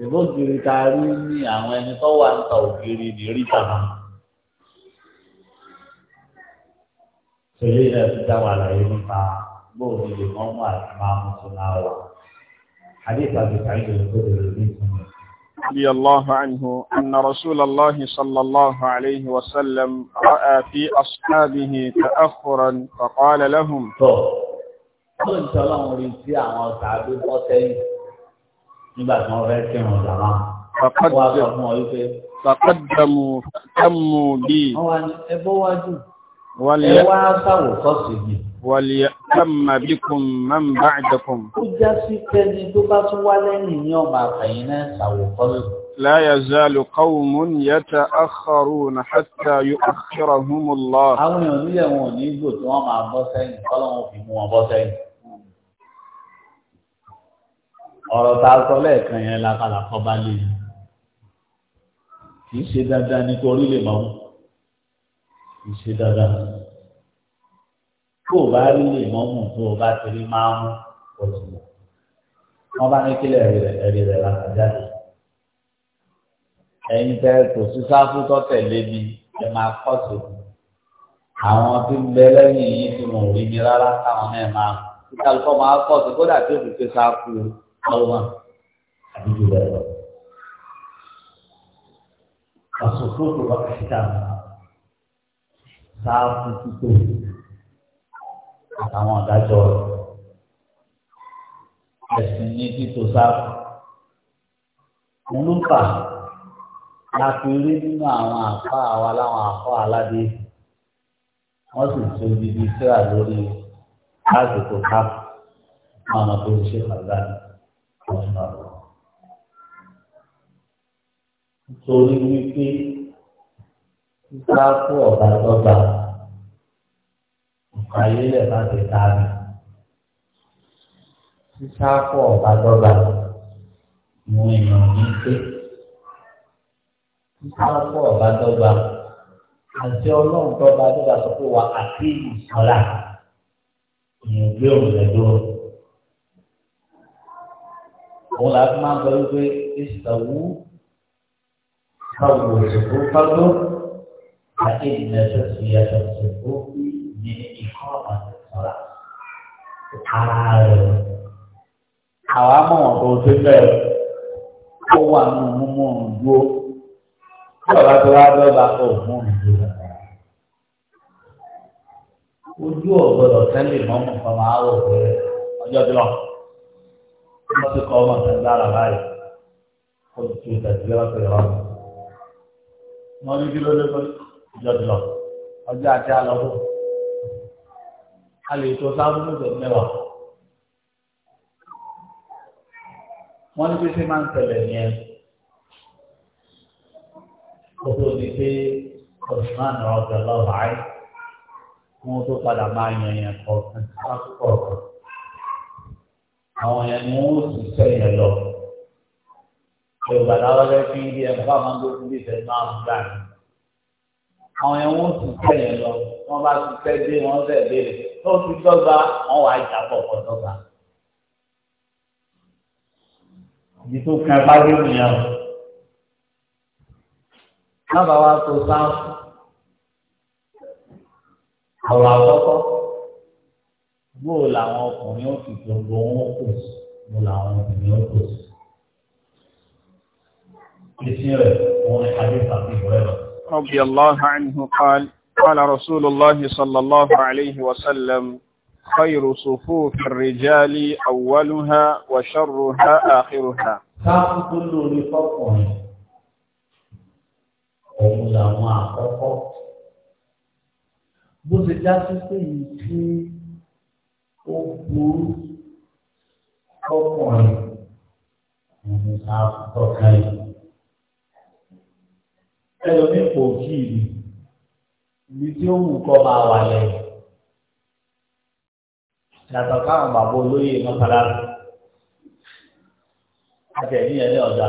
ìbò ta rí ní àwọn ẹni tó wà ògiri ní rí ti dá wà láyé nípa bóòlù lè حديث أبي سعيد الخدري رضي الله عنه أن رسول الله صلى الله عليه وسلم رأى في أصحابه تأخرا فقال لهم Ọlọ́run tí ọlọ́run rí sí àwọn tàbí bọ́ sẹ́yìn nígbà tí wọ́n fẹ́ kí wọn dàmá. Wọ́n á sọ fún ọ wípé. Fàkọ́dàmù tẹ́mù bí. Wọ́n wá ní ẹgbọ́ wájú. Ẹ wá sáwò sọ́ọ̀sì yìí. Wàlíyà tamma bikum man ba'dakum. ó já sí pẹ́ni tó bá tún wá lẹ́yìn ní ọmọ àfẹ̀yìn náà ṣàwòkọ́ lò. لا يزال قوم يتأخرون حتى يؤخرهم الله. àwọn èèyàn nílẹ̀ wọn ní gbò tí wọ́n máa bọ́ sẹ́yìn kọ́lọ́wọ́n fi mú wọn bọ́ sẹ́yìn. ọ̀rọ̀ tá sọ lẹ́ẹ̀kan yẹn lákàlà kọ́ bá lè yìí kì í ṣe dáadáa nítorí lè máa mú kì í ṣe dáadáa tó o bá rí lè mọ́mù tó o bá ti rí máa mú òtún wọn bá ní kílẹ̀ ẹ̀rí rẹ̀ ẹ̀rí rẹ̀ lànà jáde ẹ̀yin tẹ́ kò sí sáfù tọ́tẹ̀lé mi ẹ máa kọ́ sí i àwọn tí ń bẹ lẹ́yìn yìí tí wọn rí mi rárá káwọn náà máa kí kálukọ́ máa kọ́ sí kódà tí òkú ti sáfù ọlọ́mọ àdúgbò rẹ̀ lọ. àsòfófò bá kàṣíkà máa sáfù títò àtàwọn àdájọ́ rẹ̀ ẹ̀sìn ní títò sáàpù òun ló fà la fi rí nínú àwọn àfa àwa láwọn àfa aládé wọ́n sì tún bíbí síra lórí káàdì tó sáàpù ọ̀nà tó ṣe kàlá ọ̀nà ọ̀nà. nítorí wípé sáàpù ọ̀gá tó gbà ayé lẹ̀ má ti ta mi. Sísá pọ̀ ọ̀bá dọ́gba mú ìmọ̀ ní pé. Sísá pọ̀ ọ̀bá dọ́gba àti ọlọ́run dọ́gba dọ́gba sọ pé wà àti ìsọ̀lá ìyẹn gbé òun rẹ̀ dúró. Òun là fi máa ń sọ wípé ìsọ̀wú káwọn òṣèlú kájọ́ àti ìdílé ṣọ̀ṣì yàtọ̀ ṣòfò kú. ààrẹ àwa mọ̀ wọn tó ṣe bẹ́ẹ̀ wà nù mímú dúró tí ọ̀rá tó wá dọ́gba kọ̀ mú dúró. ojú ọ̀gbọ́dọ̀ tẹ́lẹ̀ mọ́mọ́ kan máa wò pé ọjọ́ bí wọn wọ́n ti kọ́ ọmọ tẹ̀lé ara báyìí kó o ti tẹ̀lé wọn pẹ̀lú ọmọ. wọ́n ní kí ló dé pé ọjọ́ bí wọn ọjọ́ àti àlọ́ fún a lè tọ́ sáà fún ìgbẹ́ mẹ́wàá. wọ́n ní pípé máa ń tẹ̀lẹ̀ yẹn kótó ní pé osman ọ̀gá lọ́wọ́ àyè wọ́n tó padà máa yan yẹn kọ̀ọ̀kan lákòókò ọ̀kan àwọn yẹn ni wọ́n sì sẹ́yìn lọ yorùbá làwọn fẹ́ fi ibi ẹ̀fọ́ àwọn tó fi ìfẹ́ máa ń gbà ní àwọn yẹn wọ́n sì sẹ́yìn lọ wọ́n bá ti fẹ́ dé wọ́n fẹ́ béèrè tó ti dọ́gba wọn wà jà pọ̀ dọ́gba. Ibi tó kan bá dé nìyẹn o. Lábàá wa tó sáfù. Àwọn àkọ́kọ́. Bóò làwọn ọkùnrin ó fi gbogbo wọn kù sí. Bóò làwọn obìnrin ó kù sí. Ìsìn rẹ̀ wọ́n ní Adé Fàbí Bọ̀rẹ́ lọ. رضي الله عنه قال قال رسول الله صلى الله عليه وسلم خير صفوف الرجال أولها وشرها آخرها Òun làwọn àkọ́kọ́. Bó ti já sí pé yìí tí ó burú ọkùnrin, òun àkọ́kọ́ káyìí. Ẹlòmí kò kí ìlú ibi tí ó wù kọ́ máa wà lẹ́yìn. Yàtọ̀ káwọn bàbá olóyè mọ́sálásí. Àtẹ̀yìn yẹn ní ọ̀dà.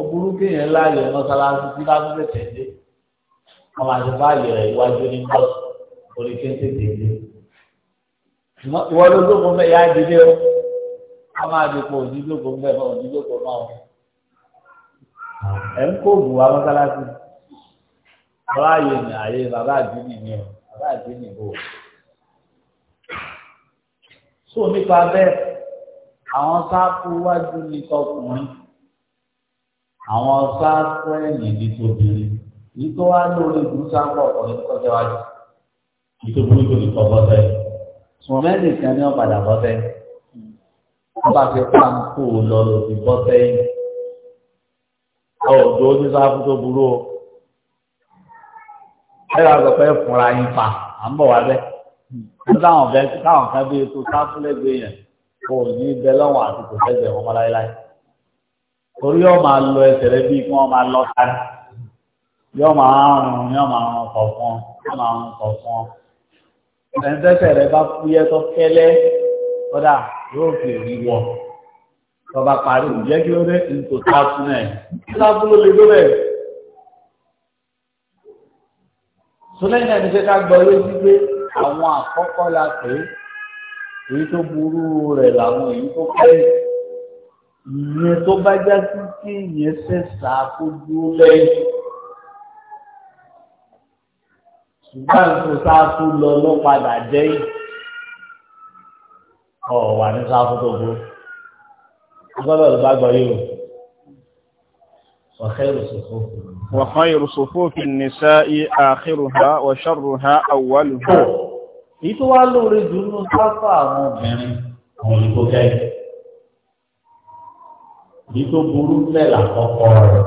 Òbúrú kéèyàn láàyè mọ́sálásí tí bá tún tẹ̀sẹ̀ dé. Àwọn àṣìfà àyè rẹ̀ iwájú ní bọ́ọ̀sì orí kéńté tèlé. Ìwọ ló dókun bẹ́ẹ̀ yá dídé o. A máa dìpọ̀ òdídókun bẹ́ẹ̀ náà òdídókun náà. Ẹ ń kó òògùn wa mọ́sálásí ráàyè ní àyè bàbá àdínì ni o bàbá àdínì bò. so nípa bẹ́ẹ̀ àwọn sáàkù wájú ní tọkùnrin àwọn sáàkù ẹ̀yìn ní tobìnrin yìí tó wá lórí ìlú sáàkù ọkùnrin kọjá wájú yìí tó burú jòlì kọ bọ́tẹ́ sùnmẹ́lì kan ní ọ̀padà bọ́tẹ́ wọ́n bá fi pàǹkó lọ lòdì bọ́tẹ́ yìí ọ̀dọ́ oníṣàkù tó burú o ẹ̀rọ àgbẹ̀fẹ́ fúnra yín fa à ń bọ̀ wá bẹ́ẹ̀ táwọn fẹ́ táwọn fẹ́ bí ètò sáfúlẹ́gbẹ̀ yẹn kò ní bẹ lọ́wọ́ àti kò fẹ́ bẹ̀ ọmọ láéláé torí yóò máa lọ ẹsẹ̀ rẹ bíi kí wọ́n máa lọ sáré yóò máa rùn yóò máa rùn kọ̀ yóò máa rùn kọ̀ ẹ̀ńtẹ́sẹ̀ rẹ bá fúyẹ́ tó kẹ́lẹ́ kódà yóò fi èrí wọ̀ tọba parí ìjẹ́ kí ó dé ntòtá tún ẹ̀ kí lábúlò lè lóbẹ̀ẹ́. sọlẹ́yìn náà ní ṣe ká gbọ́ lójú pé àwọn àkọ́kọ́ la pè é èyí tó burú rẹ̀ làwọn èyí tó pẹ́ ìyẹn tó bá já sí kí ìyẹn ṣẹ̀ṣà kó dúró lẹ́yìn. ṣùgbọ́n nǹkan sáfù lọ ló padà jẹ́ yìí ní sáfù tó burú gbọ́dọ̀ ló bá gbọ́ yìí o ọ̀kẹ́ ìrùsùn fún òkùnrin. وخير صفوف النساء آخرها وشرها أولها Ìtò wá lóore jù ní sáfà àwọn obìnrin àwọn ìtò kẹ́kẹ́. Ìdí tó burú mẹ́là kọ́kọ́ rẹ̀.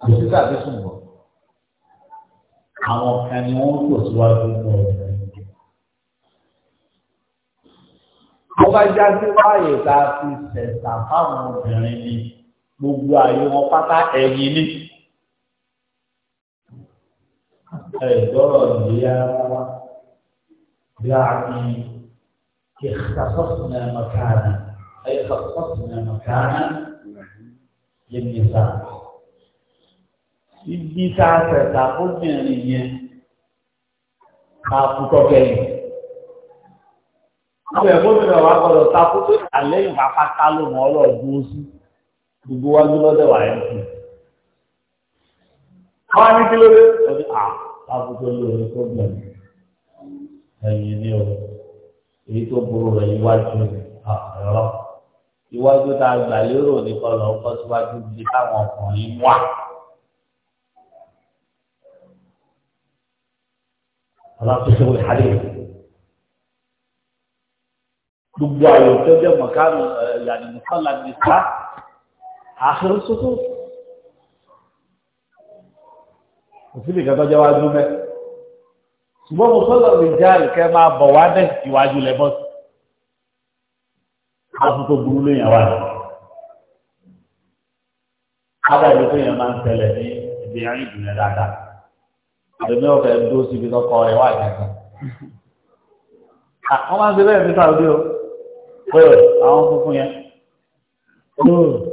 Kò sí tàbí sùnmọ̀. Àwọn kan ni wọ́n lò síwájú ní ọ̀rẹ́. Wọ́n bá já sí báyìí tá a fi ṣẹ̀ṣà fáwọn obìnrin ni gbogbo ààyè wọn pátá ẹ̀yìn ní. ẹ̀dọ́rọ̀ ìdíyà wa bí a fi ìkàtọ́sùnà mọ̀kánà ìkàtọ́sùnà mọ̀kánà yẹn ní sáà ibi tá a tẹ̀ta obìnrin yẹn ká kúkọ́ Àwọn ẹ̀gbọ́n mi náà wá gbọ́dọ̀ ta kó tó ìtàlẹ́yìn bá pátá ló mọ́ sí gbogbo wájú lọ́dẹ̀ wà ẹ̀ fún. Wọ́n á ní kí ló dé? Ó ní à ah, lábùjọ lórí tó gbẹ̀ ẹ̀yìn ní o. Èyí tó burú rẹ̀ iwájú àkàrọ̀. Ah, iwájú tá a gbà lérò ní kọlọ̀ ọkọ̀ síwájú di káwọn ọkùnrin wà. Alákòóso wẹ̀ hálì. Gbogbo àyò tó jẹ́ mọ̀kánù ẹ̀yà ni mọ̀kánù àti ìta àhùn tuntun òsìlè kan tọ́jọ́ wájú mẹ́ ṣùgbọ́n mo sọ́dọ̀ mi já ìkẹ́ máa bọ̀ wá dẹ̀ ìwájú lẹ bọ́sì aṣọ tó burú léèyàn wá ábàdé tó yẹn máa ń tẹ̀lẹ̀ ní ibi ayé ìdùnnú dáadáa àdèmí ọ̀fẹ́ dó síbi tọkọ rẹ̀ wá ìdájọ́ ah, máa ń ṣe bẹ́ẹ̀ nípa òde o pé àwọn funfun yẹn. Hmm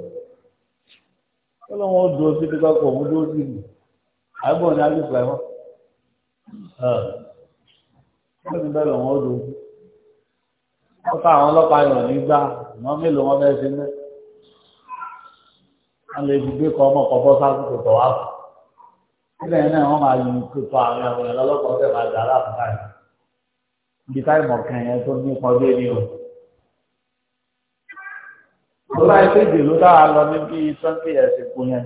ọlọ́run ó dúró síbi kọ́kọ́ òun dúró sí mi àbọ̀ ní alẹ́ ìgbà wọn. ọlọ́run bẹ́ẹ̀ lọ́wọ́ ó dúró wọ́n ká àwọn ọlọ́pàá yọ̀ nígbà wọ́n mélòó wọn fẹ́ẹ́ ṣe mẹ́. wọ́n lè fi gbé kan ọmọ kan bọ́ sásìkò tọ̀ wá fún. nílẹ̀ náà wọ́n máa yin tuntun àwọn ẹ̀wọ̀n ẹ̀lọ́lọ́pàá ọ̀sẹ̀ máa dà láàbùkà yìí. ibi táìmọ̀ kan yẹn lọ́la ẹsẹ̀ èdè ló dáa lọ ní bí sunday ẹ̀sìn kò yẹn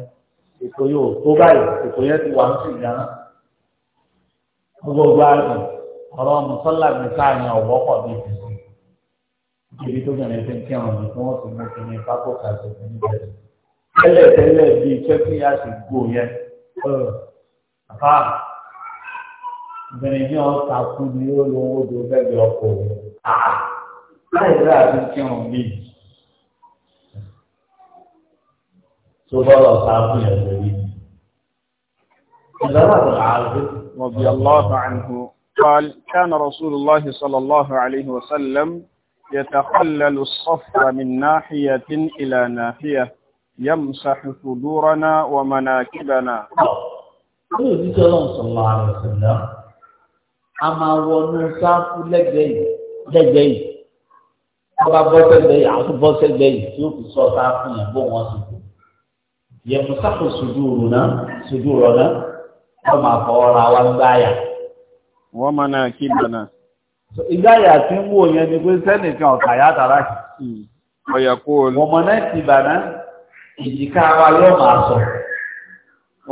ètò yóò tó báyìí ètò yẹn ti wà ń sì yàrá gbogbo àrùn ọ̀rọ̀ mùsọ́là ní sáàyàn ọ̀wọ́pọ̀ bí ìfẹ̀sìn ibi tó gbẹ̀rẹ̀ fẹ́ kí àwọn ọ̀nà tí wọ́n ti mú kí ní pápó kàṣẹ fún ìbẹ̀rẹ̀ tẹ́lẹ̀ tẹ́lẹ̀ bíi twenty years ago yẹn àfa obìnrin ní ọ̀sà kú ni ó lówó do bẹ́ẹ̀ ọkọ̀ òun láì rẹ̀ سبحان صاحبنا النبي رضي الله عنه قال كان رسول الله صلى الله عليه وسلم يتقلل الصف من ناحية إلى ناحية يمسح صدورنا ومناكبنا صلى الله عليه وسلم أما ونصاف لجي لجي ọba bọ́sẹ̀ lẹ́yìn àtúbọ́sẹ̀ lẹ́yìn tí ó fi sọ sáà yẹmusáfù sùdúrù náà sùdúrù náà wọ́n máa fọwọ́ ra wá gbáyà. wọ́n máa náà kí bọ̀nà. ìgbáyà tí ń wò yẹn ni pé sẹ́nìkan ọ̀kà yàtàrà kì í. Hmm. ọ̀yà kó o lọ. ọmọ náà ti bàná ìjìká wa yóò máa sọ.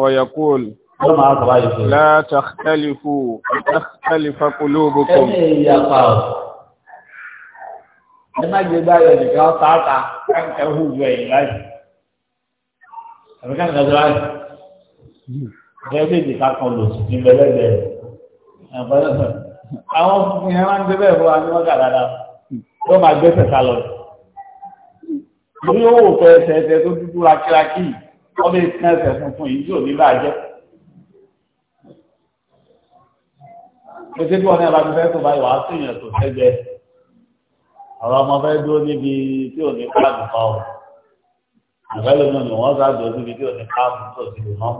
ọ̀yà kó o lọ. yóò máa sọ báyìí fún mi. láta tẹ́lifù tẹ́lifà kúlóòbù kọ. ẹni ìyá pa o. ẹ má gbé báyọ̀ nìkan tààtà ẹ hùwẹ̀ ìláyìí àbíká ní ọjọ́ àyè ọjọ́ méjì ká kan lò sí ní bẹ́lẹ́gbẹ́ àwọn ìyẹn máa ń gbé bẹ́ẹ̀ fún wa ní wọ́n kà dáadáa tó máa gbé tẹ̀sà lọ. Orí owó tẹ ẹsẹ̀ ẹsẹ̀ tó dúdú akírakí wọ́n lè tẹ ẹsẹ̀ funfun yìí tí ò ní bàjẹ́. Ètè bí wọn ní fẹ́ tó báyìí wàá sí ìyẹn tó fẹ́ jẹ. Ọ̀rọ̀ ọmọ fẹ́ dúró níbi tí ò ní pàdùkọ́ ọ̀rọ̀ àgbẹ̀lẹ̀ náà ni wọ́n sáájú ọdún bíi kí o ní káàmù tó ti lè mọ́.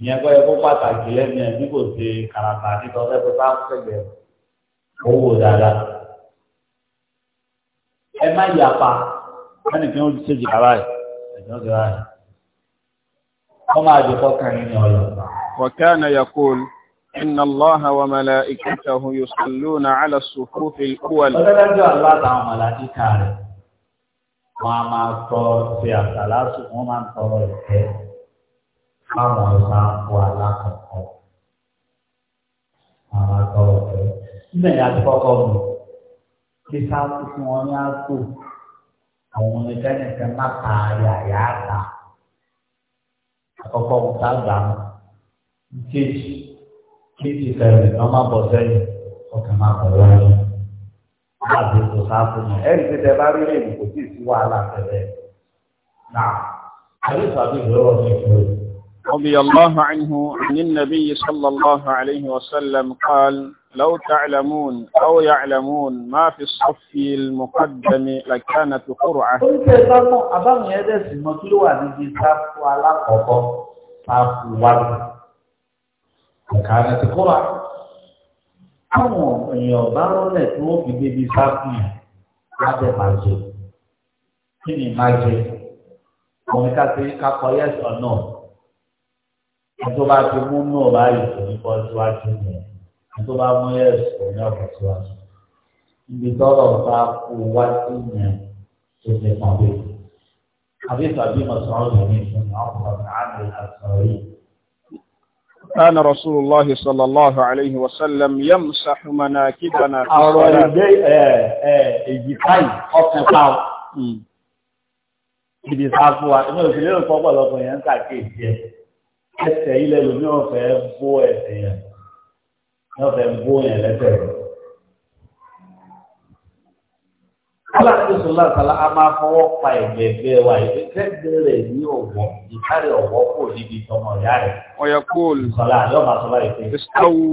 ìyẹn kọ́ yẹ kó pàtàkì lẹ́nu ẹ̀ bí kò ṣe kàràkà nítorí ọ̀sẹ̀ sáà ń sẹ̀gbẹ̀ owó dáadáa. ẹ má yà pa ẹnì kí wọ́n ti ṣèjì kárá ẹ̀ ẹ̀jọ́ ti rà ẹ̀. wọ́n máa di fọ́kàn nínú ọ̀lọ́. وكان يقول إن الله وملائكته يصلون على الصفوف الأول wọn a máa tọ ṣe àtàlásù wọn máa tọrọ ìfẹ́ fáwọn ọ̀sán àpò alákọ̀ọ́kọ́ wọn a máa tọrọ ìfẹ́ nígbà yẹn àti kọ́kọ́ mu kí sáfù fún wọn ní àgbo àwọn onídẹ́nìkan má yàyà ta àkọ́kọ́ wọn ká gbà mọ́ kejì kejì fẹ́rẹ̀ ní bọ̀ sẹ́yìn ọkàn má bọ̀ lọ́yìn láti tó sáfù mọ́. ẹ̀rí ti tẹ bá rí lè kò tí ì sí wàhálà tẹ̀lé. náà àyè sàbí ìlọ́rọ̀ ní ìlú. رضي الله عنه عن النبي صلى الله عليه وسلم قال لو تعلمون أو يعلمون ما في الصف المقدم لكانت قرعة لكانت قرعة táwọn èèyàn bá rọ́lẹ̀ tí wọ́n fi débi sáfù yẹn lábẹ́ máa jẹ kí ni máa jẹ òun ká ti ká kọ yes or no ẹtọ́ bá ti mú no báyìí kò ní bọ́ síwájú yẹn ẹtọ́ bá mú yes kò ní ọ̀pọ̀ síwájú ibi tọ́rọ̀ bá kú wájú yẹn tó ti pọ̀ bẹ́ẹ̀ àbí tàbí mọ̀sán ọ̀dọ̀ ní ìfúnni ọ̀pọ̀ àmì àtọ̀rí. كان رسول الله صلى الله عليه وسلم يمسح مناكبنا في الصلاة hmm. Ibi ìsáfúwa, inú òṣèlú ìrùn pọ́pọ̀lọpọ̀ yẹn ń kàkè ìdí Ẹsẹ̀ ilẹ̀ lómi ọ̀fẹ́ bó ẹ̀sẹ̀ yẹn. Ọ̀fẹ́ bó yẹn lẹ́sẹ̀ aláàbí sọlá sàlá a máa fọwọ́ pa ẹ̀gbẹ́ ẹ̀gbẹ́ wa ìgbẹ́ tẹ́gbẹ́ rẹ̀ ní ọ̀wọ́ ìkárẹ̀ ọ̀wọ́ kò níbi tọmọ ìyá rẹ̀. ọ̀yà kóòlù sọlá àlọ́mà sọlá ìpè. ìsọ̀wù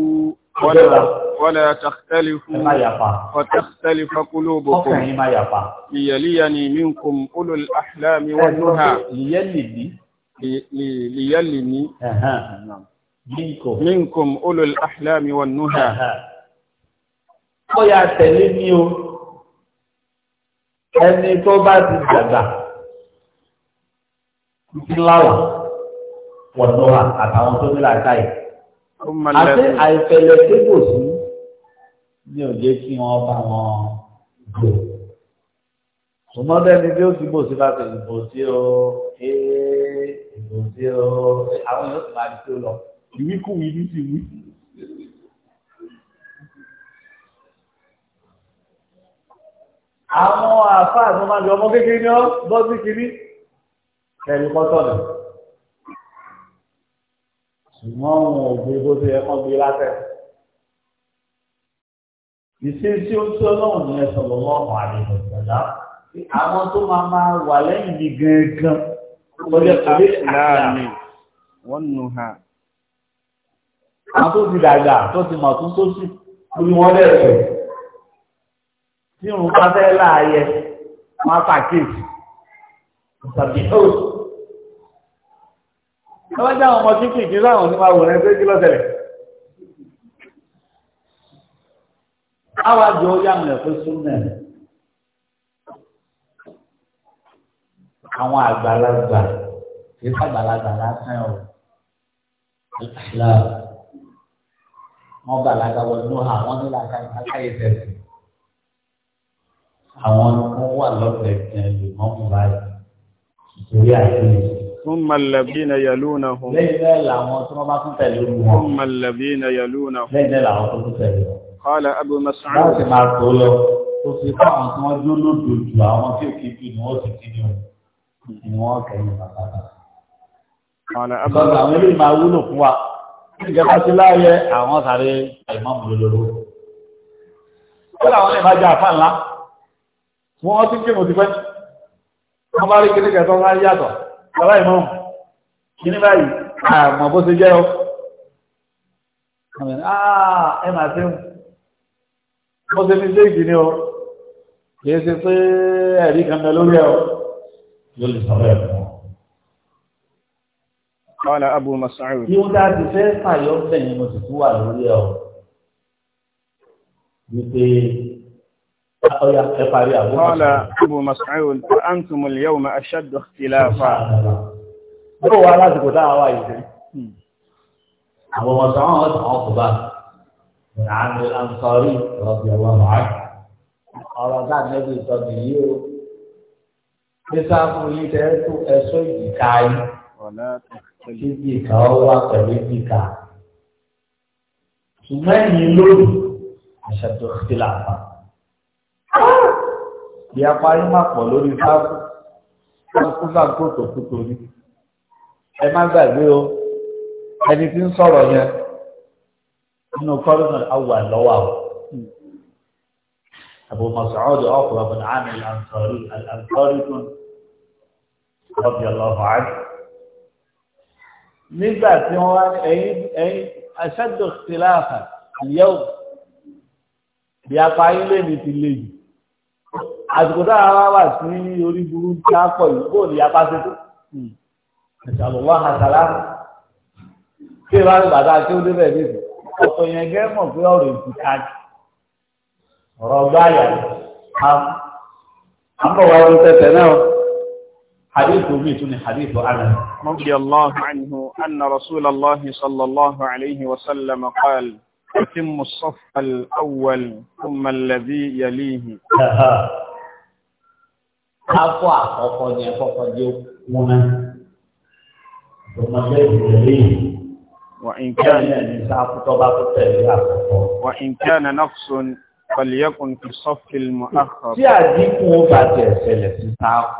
wọlé àtàkẹ́lifù ọ̀tàkẹ́lifù kúlóbòkò. ọkàn yìí máa yàpa. ìyẹ̀líyàní minkum ulul ahlami wọn nuha. wọn nuha. ó yà ẹni tó bá ti dàgbà ńláwà wọ̀nọ́wà àtàwọn tó ní làákàyè. àti àìfẹ̀lẹ̀ tí kò sí ní òye kí wọ́n bá wọn gbò. Òmọ́dẹ́ni bí ó ti bò sí láti ìbò sí o, ìbò sí o, àwọn yóò sì máa di tó lọ. Ìwíkúwìí ní ti wí. àwọn àfa àtúmọ̀lẹ́ ọmọ kékeré ni ọ́ bọ́ sí kiri kẹ̀lú kọ́tọ̀nù ṣùgbọ́n wọn ò gbé bó ṣe yẹ kán gbé látẹ̀. ìṣe tí ó tí ọlọ́run ní ẹsẹ̀ lọ́wọ́ ọ̀hún àdìgbò ṣẹ̀dá àwọn tó máa máa wà lẹ́yìn mi gangan lọ́jọ́ ìpàdé àṣà wọ́n nù ha. àwọn tó ti dàgbà tó ti mọ̀ tó sì wọ́n lẹ́sẹ̀ẹ́ tí òun bá fẹ́ láàyè wọn pàkíyèsí tàbí ó. lọ́wọ́ jẹ́ àwọn ọmọ tí kìkì láwọn onímọ̀ àwòrán ẹgbẹ́ kí lọ́sẹ̀lẹ̀. àwa jọ ó yàmù ẹ̀fọ́ súnmọ́ ẹ̀. àwọn àgbàlagbà kì í sàgbàlagbà lásán o. wọ́n bàlágà wọnú àwọn nílànà àkáyé tẹ̀sí àwọn tó wà lọ́fẹ̀ẹ́ kan lè mọ́ mú báyìí torí àìsílẹ̀. ثم الذين يلونهم ثم الذين يلونهم قال أبو مسعود òṣìṣẹ́ àwọn tí wọ́n dúró lódòdó àwọn tí òkè jù ni wọ́n sì ti ní òun ni wọ́n kẹ́yìn bàbá. Sọ́dọ̀ àwọn eléyìí máa wúlò fún wa. Ìjọba ti láàyè àwọn sáré àìmọ́ mòlòlóró. Ó wọ́n ti kírun ti pẹ́ wọ́n bá rí kí ní kẹtọ́ wá yàtọ̀ bàbá ìmọ̀ kí ní báyìí àmọ́ bó ṣe jẹ́ o ẹ máa ṣe bó ṣe fi ṣe ìdí ni o kìí ṣe pé ẹ̀rí kan bẹ lórí ẹ o yóò lè sọ̀rọ̀ ẹ̀ fún ọ. Kọ́lá Abu Mas'ud. Bí wọ́n dáa ti fẹ́ fàyọ́ bẹ̀yìn mo sì tún wà lórí ẹ̀ o. Wípé قال أبو مسعود فأنتم اليوم أشد اختلافا هو لازم آه، أبو مسعود عقبة بن عامر الأنصاري رضي الله عنه قال ده نبي صلى الله عليه وسلم Nísàmù yìí tẹ́ tó ẹ̀ṣọ́ ìdìkà yìí. Ìdìkà ọ wà pẹ̀lú ìdìkà. bí apárí má pọ̀ lórí fáfù fáfù bá gbòtò kútó ní. ẹ má gbàgbé o ẹni tí ń sọ̀rọ̀ yẹn nínú kọ́lọ́nà awà lọ́wọ́ àwọn. أبو مسعود عقبة بن عامر الأنصاري الأنصاري رضي الله عنه nígbà tí wọ́n ẹ̀yìn ẹ̀yìn aṣáájú ìtìláàfà ìyẹ́wò bí apá ayé lè ní ti lè yìí àsìkò táwa wá wà sí orí burúkú àpọ̀ yìí bóòlù yá pàṣẹ tó ìṣàlùwà hmm. àtàlà tí ìwà ní bàtà tí ó débẹ̀ ní ìsìn ọ̀pọ̀ yẹn gẹ́ mọ̀ pé ọ̀rọ̀ èsì káàdì ọ̀rọ̀ gbáyà àbọ̀wá orí tẹ̀tẹ̀ náà حديث ميت حديث رضي الله عنه أن رسول الله صلى الله عليه وسلم قال أتم الصف الأول ثم الذي يليه afọ àkọ́kọ́ ni ẹkọkọ di okun náà ọmọdé ìrẹ̀lẹ̀ وإن كان وإن كان نقص فليكن في الصف المؤخر tí àdínkù bá ti ṣẹlẹ̀ sí sáàkù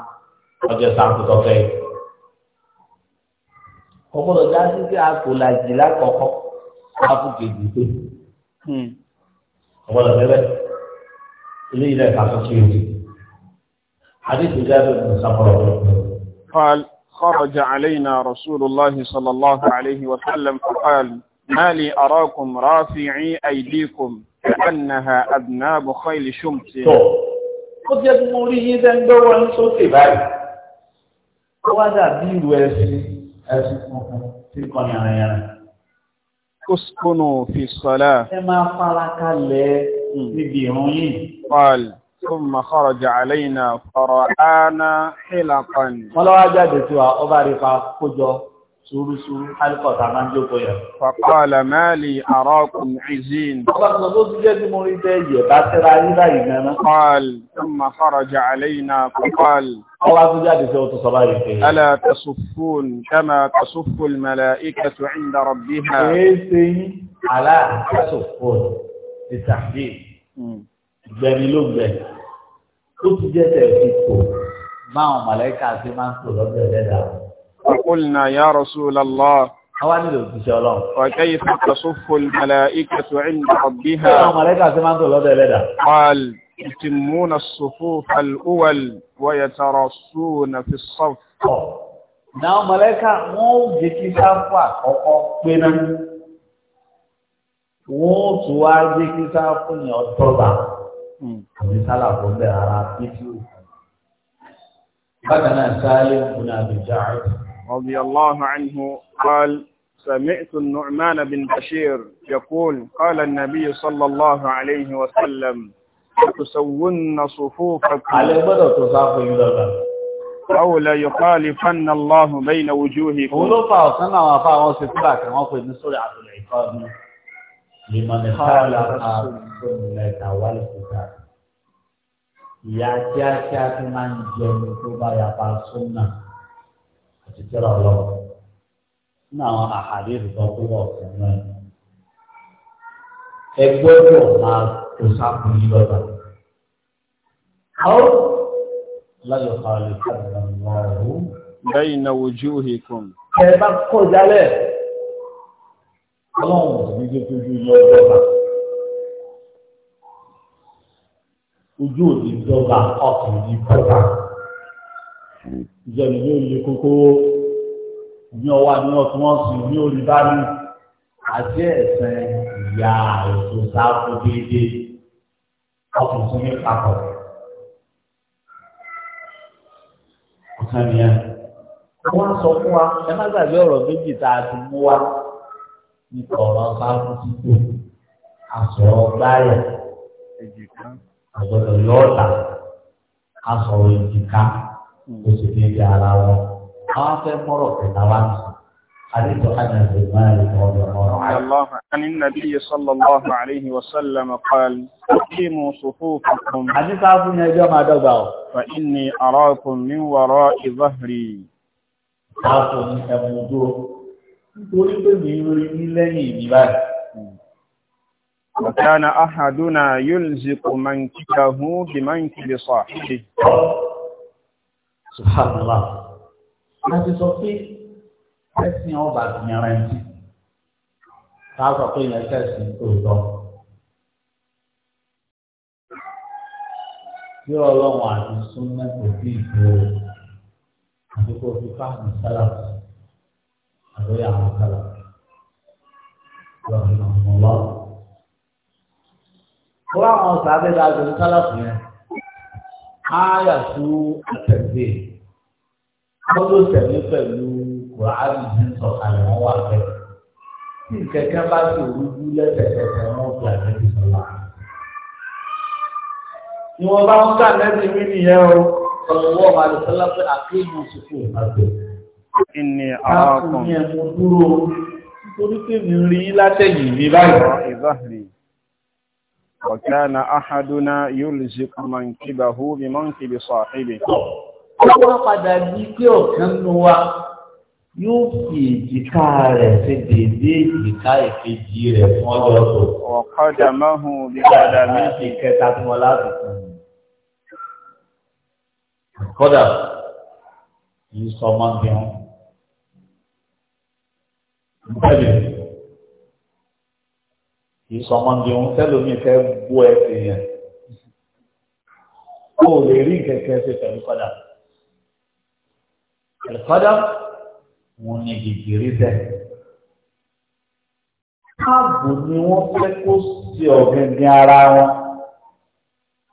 ọjọ́ sáàkù tó fẹ́ ọgbọ́dọ̀ já sí sí àpò làjì lákọ̀ọ́kọ́ sáàkù kejì pé ọgbọ́dọ̀ hmm. bẹ́ẹ̀ ilé ilẹ̀ ìfàsọ́sọ́ yìí حديث جابر بن سمرة قال خرج علينا رسول الله صلى الله عليه وسلم فقال ما لي أراكم رافعي أيديكم كأنها أذناب خيل شمس قد يدمره ذنبه عن صوت بعد وهذا دين ويسي تلقني علينا اسكنوا في الصلاة كما قال قال ثم خرج علينا فرآنا حلقا ولو أجد سوى أبارك كجو سورو سورو حلقة عمان جوكو فقال ما لي أراكم عزين قال ثم خرج علينا فقال ألا تصفون كما تصف الملائكة عند ربها على تصفون للتحديد gbẹni ló gbẹ ó ti jẹ́ tẹ̀ fi tò báwọn mọ̀lẹ́kà ṣe máa ń tò lọ́dọ̀ ẹ̀dẹ́dà. Qulna ya Rasulallah. Àwa nílò òṣìṣẹ́ ọlọ́run. Wa kayfa tasuffu al-mala'ikatu 'inda rabbiha. Báwọn mọ̀lẹ́kà ṣe máa ń tò lọ́dọ̀ ẹ̀dẹ́dà. Qal yutimuna as-sufuf al-awwal wa yatarassuna fi as-saff. mọ̀lẹ́kà wọ́n ó jẹ́ kí sáfù àkọ́kọ́ pé Wọ́n ó tún wá jẹ́ kí sáfù ní ọ̀dọ́ba. àti sálà kò bẹ̀ ara pípú. sáyé رضي الله عنه قال سمعت النعمان بن بشير يقول قال النبي صلى الله عليه وسلم تسوون صفوفكم أو لا يخالفن الله بين وجوهكم lèmọ̀nì káàlà àtúntò wàlú kúta. Ìyá kíákíá tí máa ń jẹun tó bá yapa súnà àti tẹ́lẹ̀ ọlọ́wọ́. Nínú àwọn àhàdé ìrùbọ̀ tó wọ̀ ọ̀sẹ̀ náà. Ẹ gbọ́dọ̀ máa kó sáfù yín lọ́dà. Ẹ bá kọjá lẹ́ẹ̀ ọlọ́run sì ní jẹ́ ojú ilé ọjọ́ba ojú òde ìjọba ọkùnrin ní kọ́ta ìjọba ní òye kókó ní ọwọ́ ní ọ̀túnwọ̀nsì ní olùdarí àti ẹ̀sìn ìyá ètò sáfù déédéé ọkùnrin ní papọ̀ ọ̀sán nìyẹn wọ́n sọ fún wa ẹ má gbàgbé ọ̀rọ̀ méjì tá a ti mú wa ìkọ̀rọ̀ sáfùsìkò àsọ̀rọ̀ gbáyà àgbọ̀dọ̀ yọ̀ọ̀tà àsọ̀rọ̀ ìdìka oṣù kejì ara wọn. àwọn afẹ́ mọ́rọ̀ kẹta wá ní حديث أنس بن مالك رضي الله عنه عن النبي صلى الله عليه وسلم قال أقيموا صفوفكم حديث أبو نجم أدبه فإني أراكم من وراء ظهري أراكم من أبو nítorí pé mi rí ní lẹ́yìn mi báyìí. Ọ̀kánà na yóò lè kò máa ń kíkà hún bí máa ń kìlè sọ àfíṣe. Subhanallah. A ti sọ pé ẹ̀sìn ọba àtìyànrà ẹ̀sìn. Ká sọ pé ìyẹn sẹ́sìn tó lọ. Bí ọlọ́run àti súnmọ́ kò bí ìgbò àti fi fáàmì sálàmù àlórí àwọn kálá lọ́sìn àwọn ọlọ́. Fún àwọn ọ̀sán ayat àjọ kálá fún yẹn, á yà fún àtẹ̀gbé. Wọ́n ló tẹ̀lé pẹ̀lú Kùránì ní yang wọn wà bẹ́ẹ̀. Tí kẹ̀kẹ́ bá ti rújú lẹ́sẹ̀kẹsẹ̀ wọn fi àtẹ̀gbé sọ̀lá. Ìwọ̀nba ń ká inni arákùn ní ẹ̀mù dúró nítorí pé mi rí látẹ̀yìn ní báyìí ìzáhìrì ọ̀kánà áhàdúná yóò bí mọ́ yóò fi èjìká rẹ̀ ṣe dédé èjìká ìkejì rẹ̀ fún ọjọ́ tó ọ̀kọ́dà máhùn bí padà méjì kẹta fún ọ láti fún yìí sọ mọ́ bí wọn bẹ́ẹ̀ kì í sọ ọmọ mi òun tẹ́lómi fẹ́ bó ẹsẹ̀ yẹn kó o lè rí kẹ̀kẹ́ ṣe pẹ̀lú kọ́dà pẹ̀lú kọ́dà wọn ni gègèrè tẹ̀ káàbù ni wọ́n fẹ́ kó ṣe ọ̀gẹ̀gẹ̀ ara wọn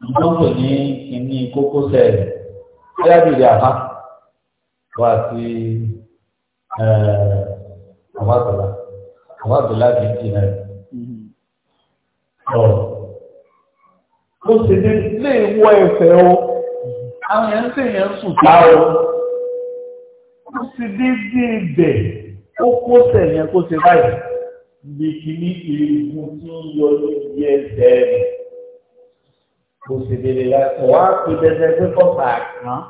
ìdánwò ní ìní kókósẹ̀ rẹ̀ bí a àbá wá sí ẹ̀ẹ́ àwọn àgbàlá àwọn àgbàlá kì í jìnnà ẹ̀ lọ́rọ̀. mo sì ní lè wọ ẹ̀fẹ̀ o àwọn yẹn ń sè yẹn ń sùn ká o mo sì ní bí ibẹ̀ ó kó sẹ̀yìn kó ṣe báyìí bí kìíní ìrìnkún tí ń yọ lórí ẹsẹ̀ rẹ̀ kò sì lè lè láti wá pé bẹ́sẹ̀ pé kọ́ta kan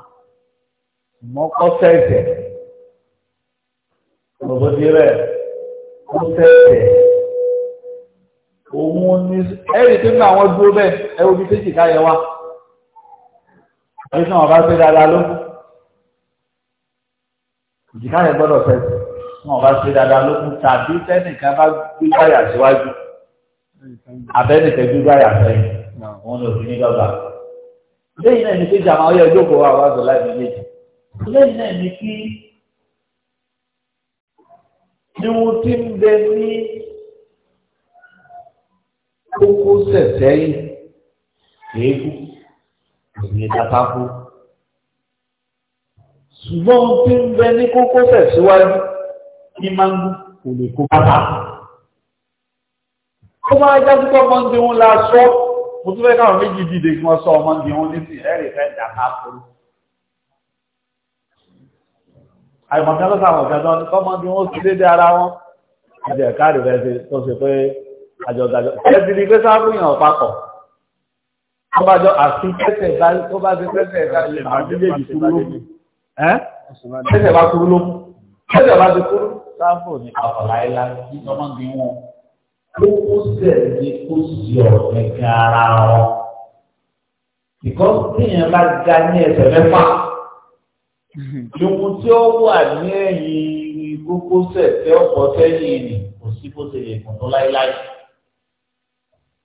mọ́kọ́sẹ̀ ẹ̀sẹ̀ ọ̀bọ̀dé rẹ̀ ó tẹ̀tẹ̀ òun ní ẹ̀rì tí nínú àwọn dúró bẹ́ẹ̀ ẹ wo bí tẹ́jì káyẹ wá ẹ̀rí tí wọn bá ṣe dáadáa ló ìjìká yẹn gbọ́dọ̀ tẹ̀sí wọn bá ṣe dáadáa ló kún tàbí tẹ́nìkan bá gbé gbáyà síwájú abẹ́nìkan gbé gbáyà sẹ́yìn wọn ní òfin ní dọ́gba lẹ́yìn náà ní pé jàmáwé ẹjọ́ kò wá wá láì Ihun tí ń bẹ ní kókó sẹ̀sẹ̀ yìí kéékù ìyẹn dátákú. Ṣùgbọ́n ohun tí ń bẹ ní kókó sẹ̀síwájú ní máa ń kò lè kó bàtà. Ó máa jáde tó ọmọ ń di wọn la sọ. Mo tún fẹ́ káwọn méjì dìde kí wọ́n sọ ọmọ wọn létí ẹ̀rì fẹ́ dàtà kúrú. àìmọ̀kan ló sàwọn ọ̀gá náà kọ́mọ bí wọ́n ti dédé ara wọn àti ẹ̀ka rẹ̀ rẹ̀ ṣe tó ṣe pé àjọ̀gájọ ẹ̀sì ni pé sáfùyàn ọ̀pápọ̀ tó bá jọ àfi tẹ́sẹ̀ bá tó bá ti tẹ́sẹ̀ bá lè bá méjèèjì kúrú lókù ẹ́ tẹ́sẹ̀ bá kúrú lókù tẹ́sẹ̀ bá ti kúrú sáfù ní àfọ̀lá ilá ní ọmọ bí wọn ó kó sẹ̀ ní kó sì ọ̀rẹ́ gan wọn ìkọ́ tíyẹn bá ga ní ẹsẹ̀ mẹ́fà. Ìhun tí ó wà ní ẹ̀yìn kókósẹ̀ tẹ́ ọ̀pọ̀ sẹ́yìn ni kò sí bó ṣe lè kùn tó láíláí.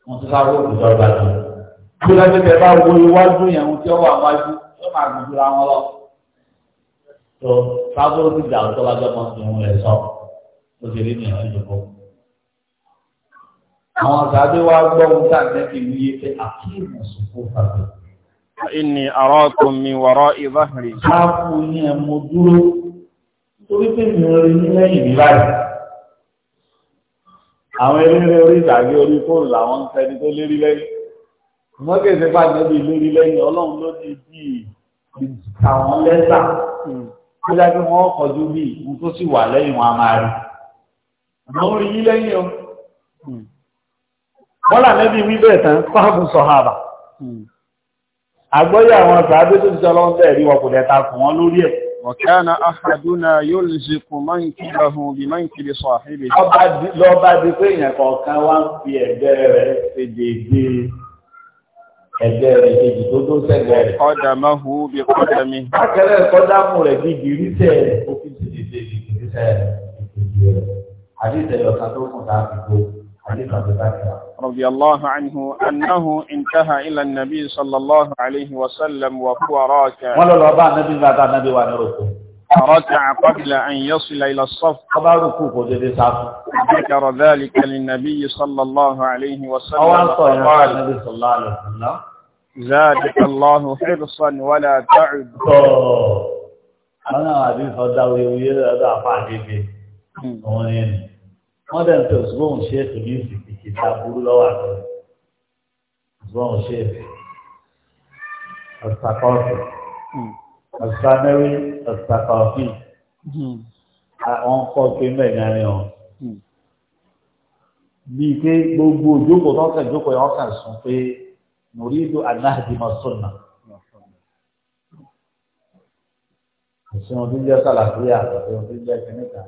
Wọ́n ti sáré òkúta ọgbà lọ. Bí lábẹ́ bẹ́ẹ̀ bá wo iwájú yẹn ohun tí wà wájú, yóò máa gbùdú ra wọn lọ. Tó sábúrò ti dà tó bá jọmọ sí ohun rẹ̀ sọ. Ó ti rí nìyẹn ìjọba. Àwọn ọ̀sán bí gbọ́ ohun tí àgbẹ̀ fi wíyé pé àkíyèmọ̀ sùn fún inni arakum min wara'i dhahri. Káàkù ní ẹmọ dúró, torí pé mi rí ní lẹ́yìn mi báyìí. Àwọn eléré orí ìtàgé orí fóònù làwọn ń tẹni tó lérí lẹ́yìn. Wọ́n kèsè pàdé bí lérí lẹ́yìn ọlọ́run ló ti bí àwọn lẹ́sà. Ó dájú wọ́n kọjú bí ìkú tó sì wà lẹ́yìn wọn a máa rí. Àwọn orí yí lẹ́yìn o. Bọ́lá nẹ́bí wí bẹ́ẹ̀ tán, fáàbù sọ̀hábà àgbọ́yé àwọn sàábé tó ti sọ lọ́wọ́ bẹ́ẹ̀ rí wọn kò dẹ̀ta fún wọn lórí ẹ̀. ọ̀kánà ahàdúnà yóò lè ṣe kún máa ń kíra hun bí máa ń kiri sọ àhíbi. lọ́ba di pé èèyàn kọ̀ọ̀kan wá ń fi ẹ̀gbẹ́ rẹ̀ ṣe ẹ̀gbẹ́ rẹ̀ kejì tó tó sẹ́gbẹ́ rẹ̀. kọ́dà máa hu bí kọ́dà mi. akẹ́rẹ́ kọ́dàmù rẹ̀ bí gìrìsẹ̀ òfin ti dédé gìrìsẹ̀ àti رضي الله عنه أنه انتهى إلى النبي صلى الله عليه وسلم وهو راكع ولا لا بعد النبي بعد النبي وانا ركوع ركع قبل أن يصل إلى الصف ذكر ذلك للنبي صلى الله عليه وسلم وقال زادك الله حرصا ولا تعد أنا أبي فداوي ويلا دافع جيبي wọ́n dẹ̀ ń pè òṣùwọ̀n ṣéèkì ní ìsìnkì ìta burú lọ́wọ́ àgbẹ̀ òṣùwọ̀n ṣéèkì ọ̀sàkọ́ọ̀fì hmm. ọ̀sàmẹ́rì ọ̀sàkọ́ọ̀fì hmm. àwọn kọ́ pé mẹ́rin ọ̀ hmm. bíi pé gbogbo ìjókòó tó ń kàn jókòó yẹn wọ́n kàn sùn pé nùrídù anáhàdìmọ̀ sọ̀nà òṣùwọ̀n tó ń jẹ́ sàlàkúyà òṣùwọ̀n tó ń jẹ́ kìnìkan.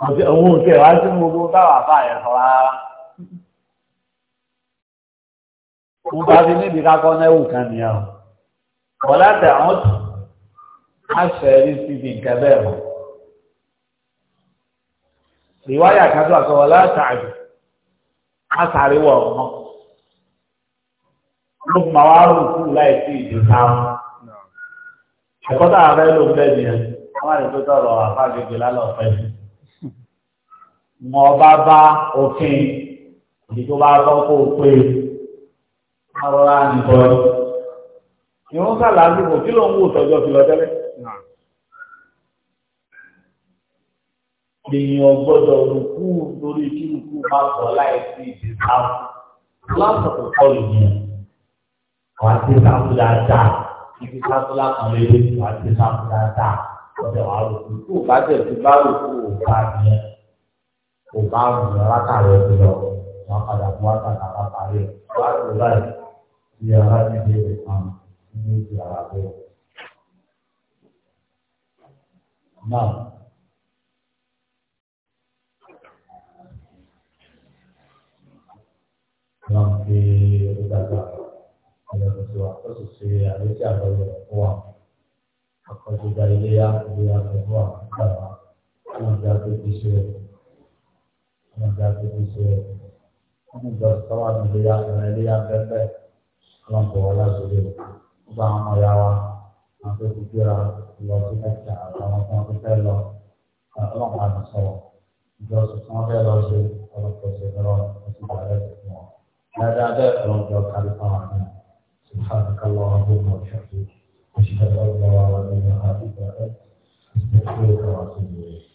òun ò tẹ̀ wá sí gbogbo báwa bá yẹn sọ rárá. mo bá fi níbi kakọ náírà kan nìyà o bọ́lá tẹ̀ àwọn àṣẹrí síbi nǹkan bẹ́ẹ̀ mọ́. ìwáyà kan tó àṣọ wọlé àṣàjù àṣàríwọ̀ ọmọ ló fi máa wá rò kú láì sí ìdè wọn bá bá òfin èyí bá tọ́ kó pé arọ́rá nìkan ni wọ́n sà lásìkò kí ló ń wò tọ́jọ́ fi lọ tẹ́lẹ̀. èèyàn gbọ́dọ̀ rúkú lórí kí rúkú sọ láìsí ìdìbò lásìkò kọlù yẹn wà á ti sáfù dáadáa ibi sáfù lákan lé wà á ti sáfù dáadáa ọ̀dọ̀ àrùkù tó bá tẹ̀ sí bá rúkú òkú àbíyẹn kò bá rùn látàrí ẹ̀kọ́ lọ wọn padà bọ́ àtàkà bá parí ẹ̀ wá rùn láì ní ara ti dé ìkan ní ìdí ara tó. náà wọn fi ìdàgbà ẹ̀rọ tó wà tó sì ṣe àlékí àgbẹ̀wò fún wa ọkọ̀ tó ilé yá ilé fún wa nígbà wọn wọn gba ṣe ẹ̀kọ́ wọn gba gbogbo ṣe rẹ wọn ní ìjọ sọwọ àdúgbò ya ẹran ilé ya pẹpẹ wọn bọ wọn láti rẹ wọn bá wọn ya wa wọn tó ti gbéra lọ sí mẹ́ta àtàwọn tó wọn tó fẹ́ lọ ọlọ́pàá àti sọwọ ìjọ sọ tí lọ ṣe ọlọ́pàá ṣe lọ sí ìbàdàn fún wọn dáadáa bẹ́ẹ̀ ọlọ́pàá kárí fáwọn àná سبحانك اللهم وبحمدك أشهد أن لا إله إلا أنت أستغفرك وأتوب إليك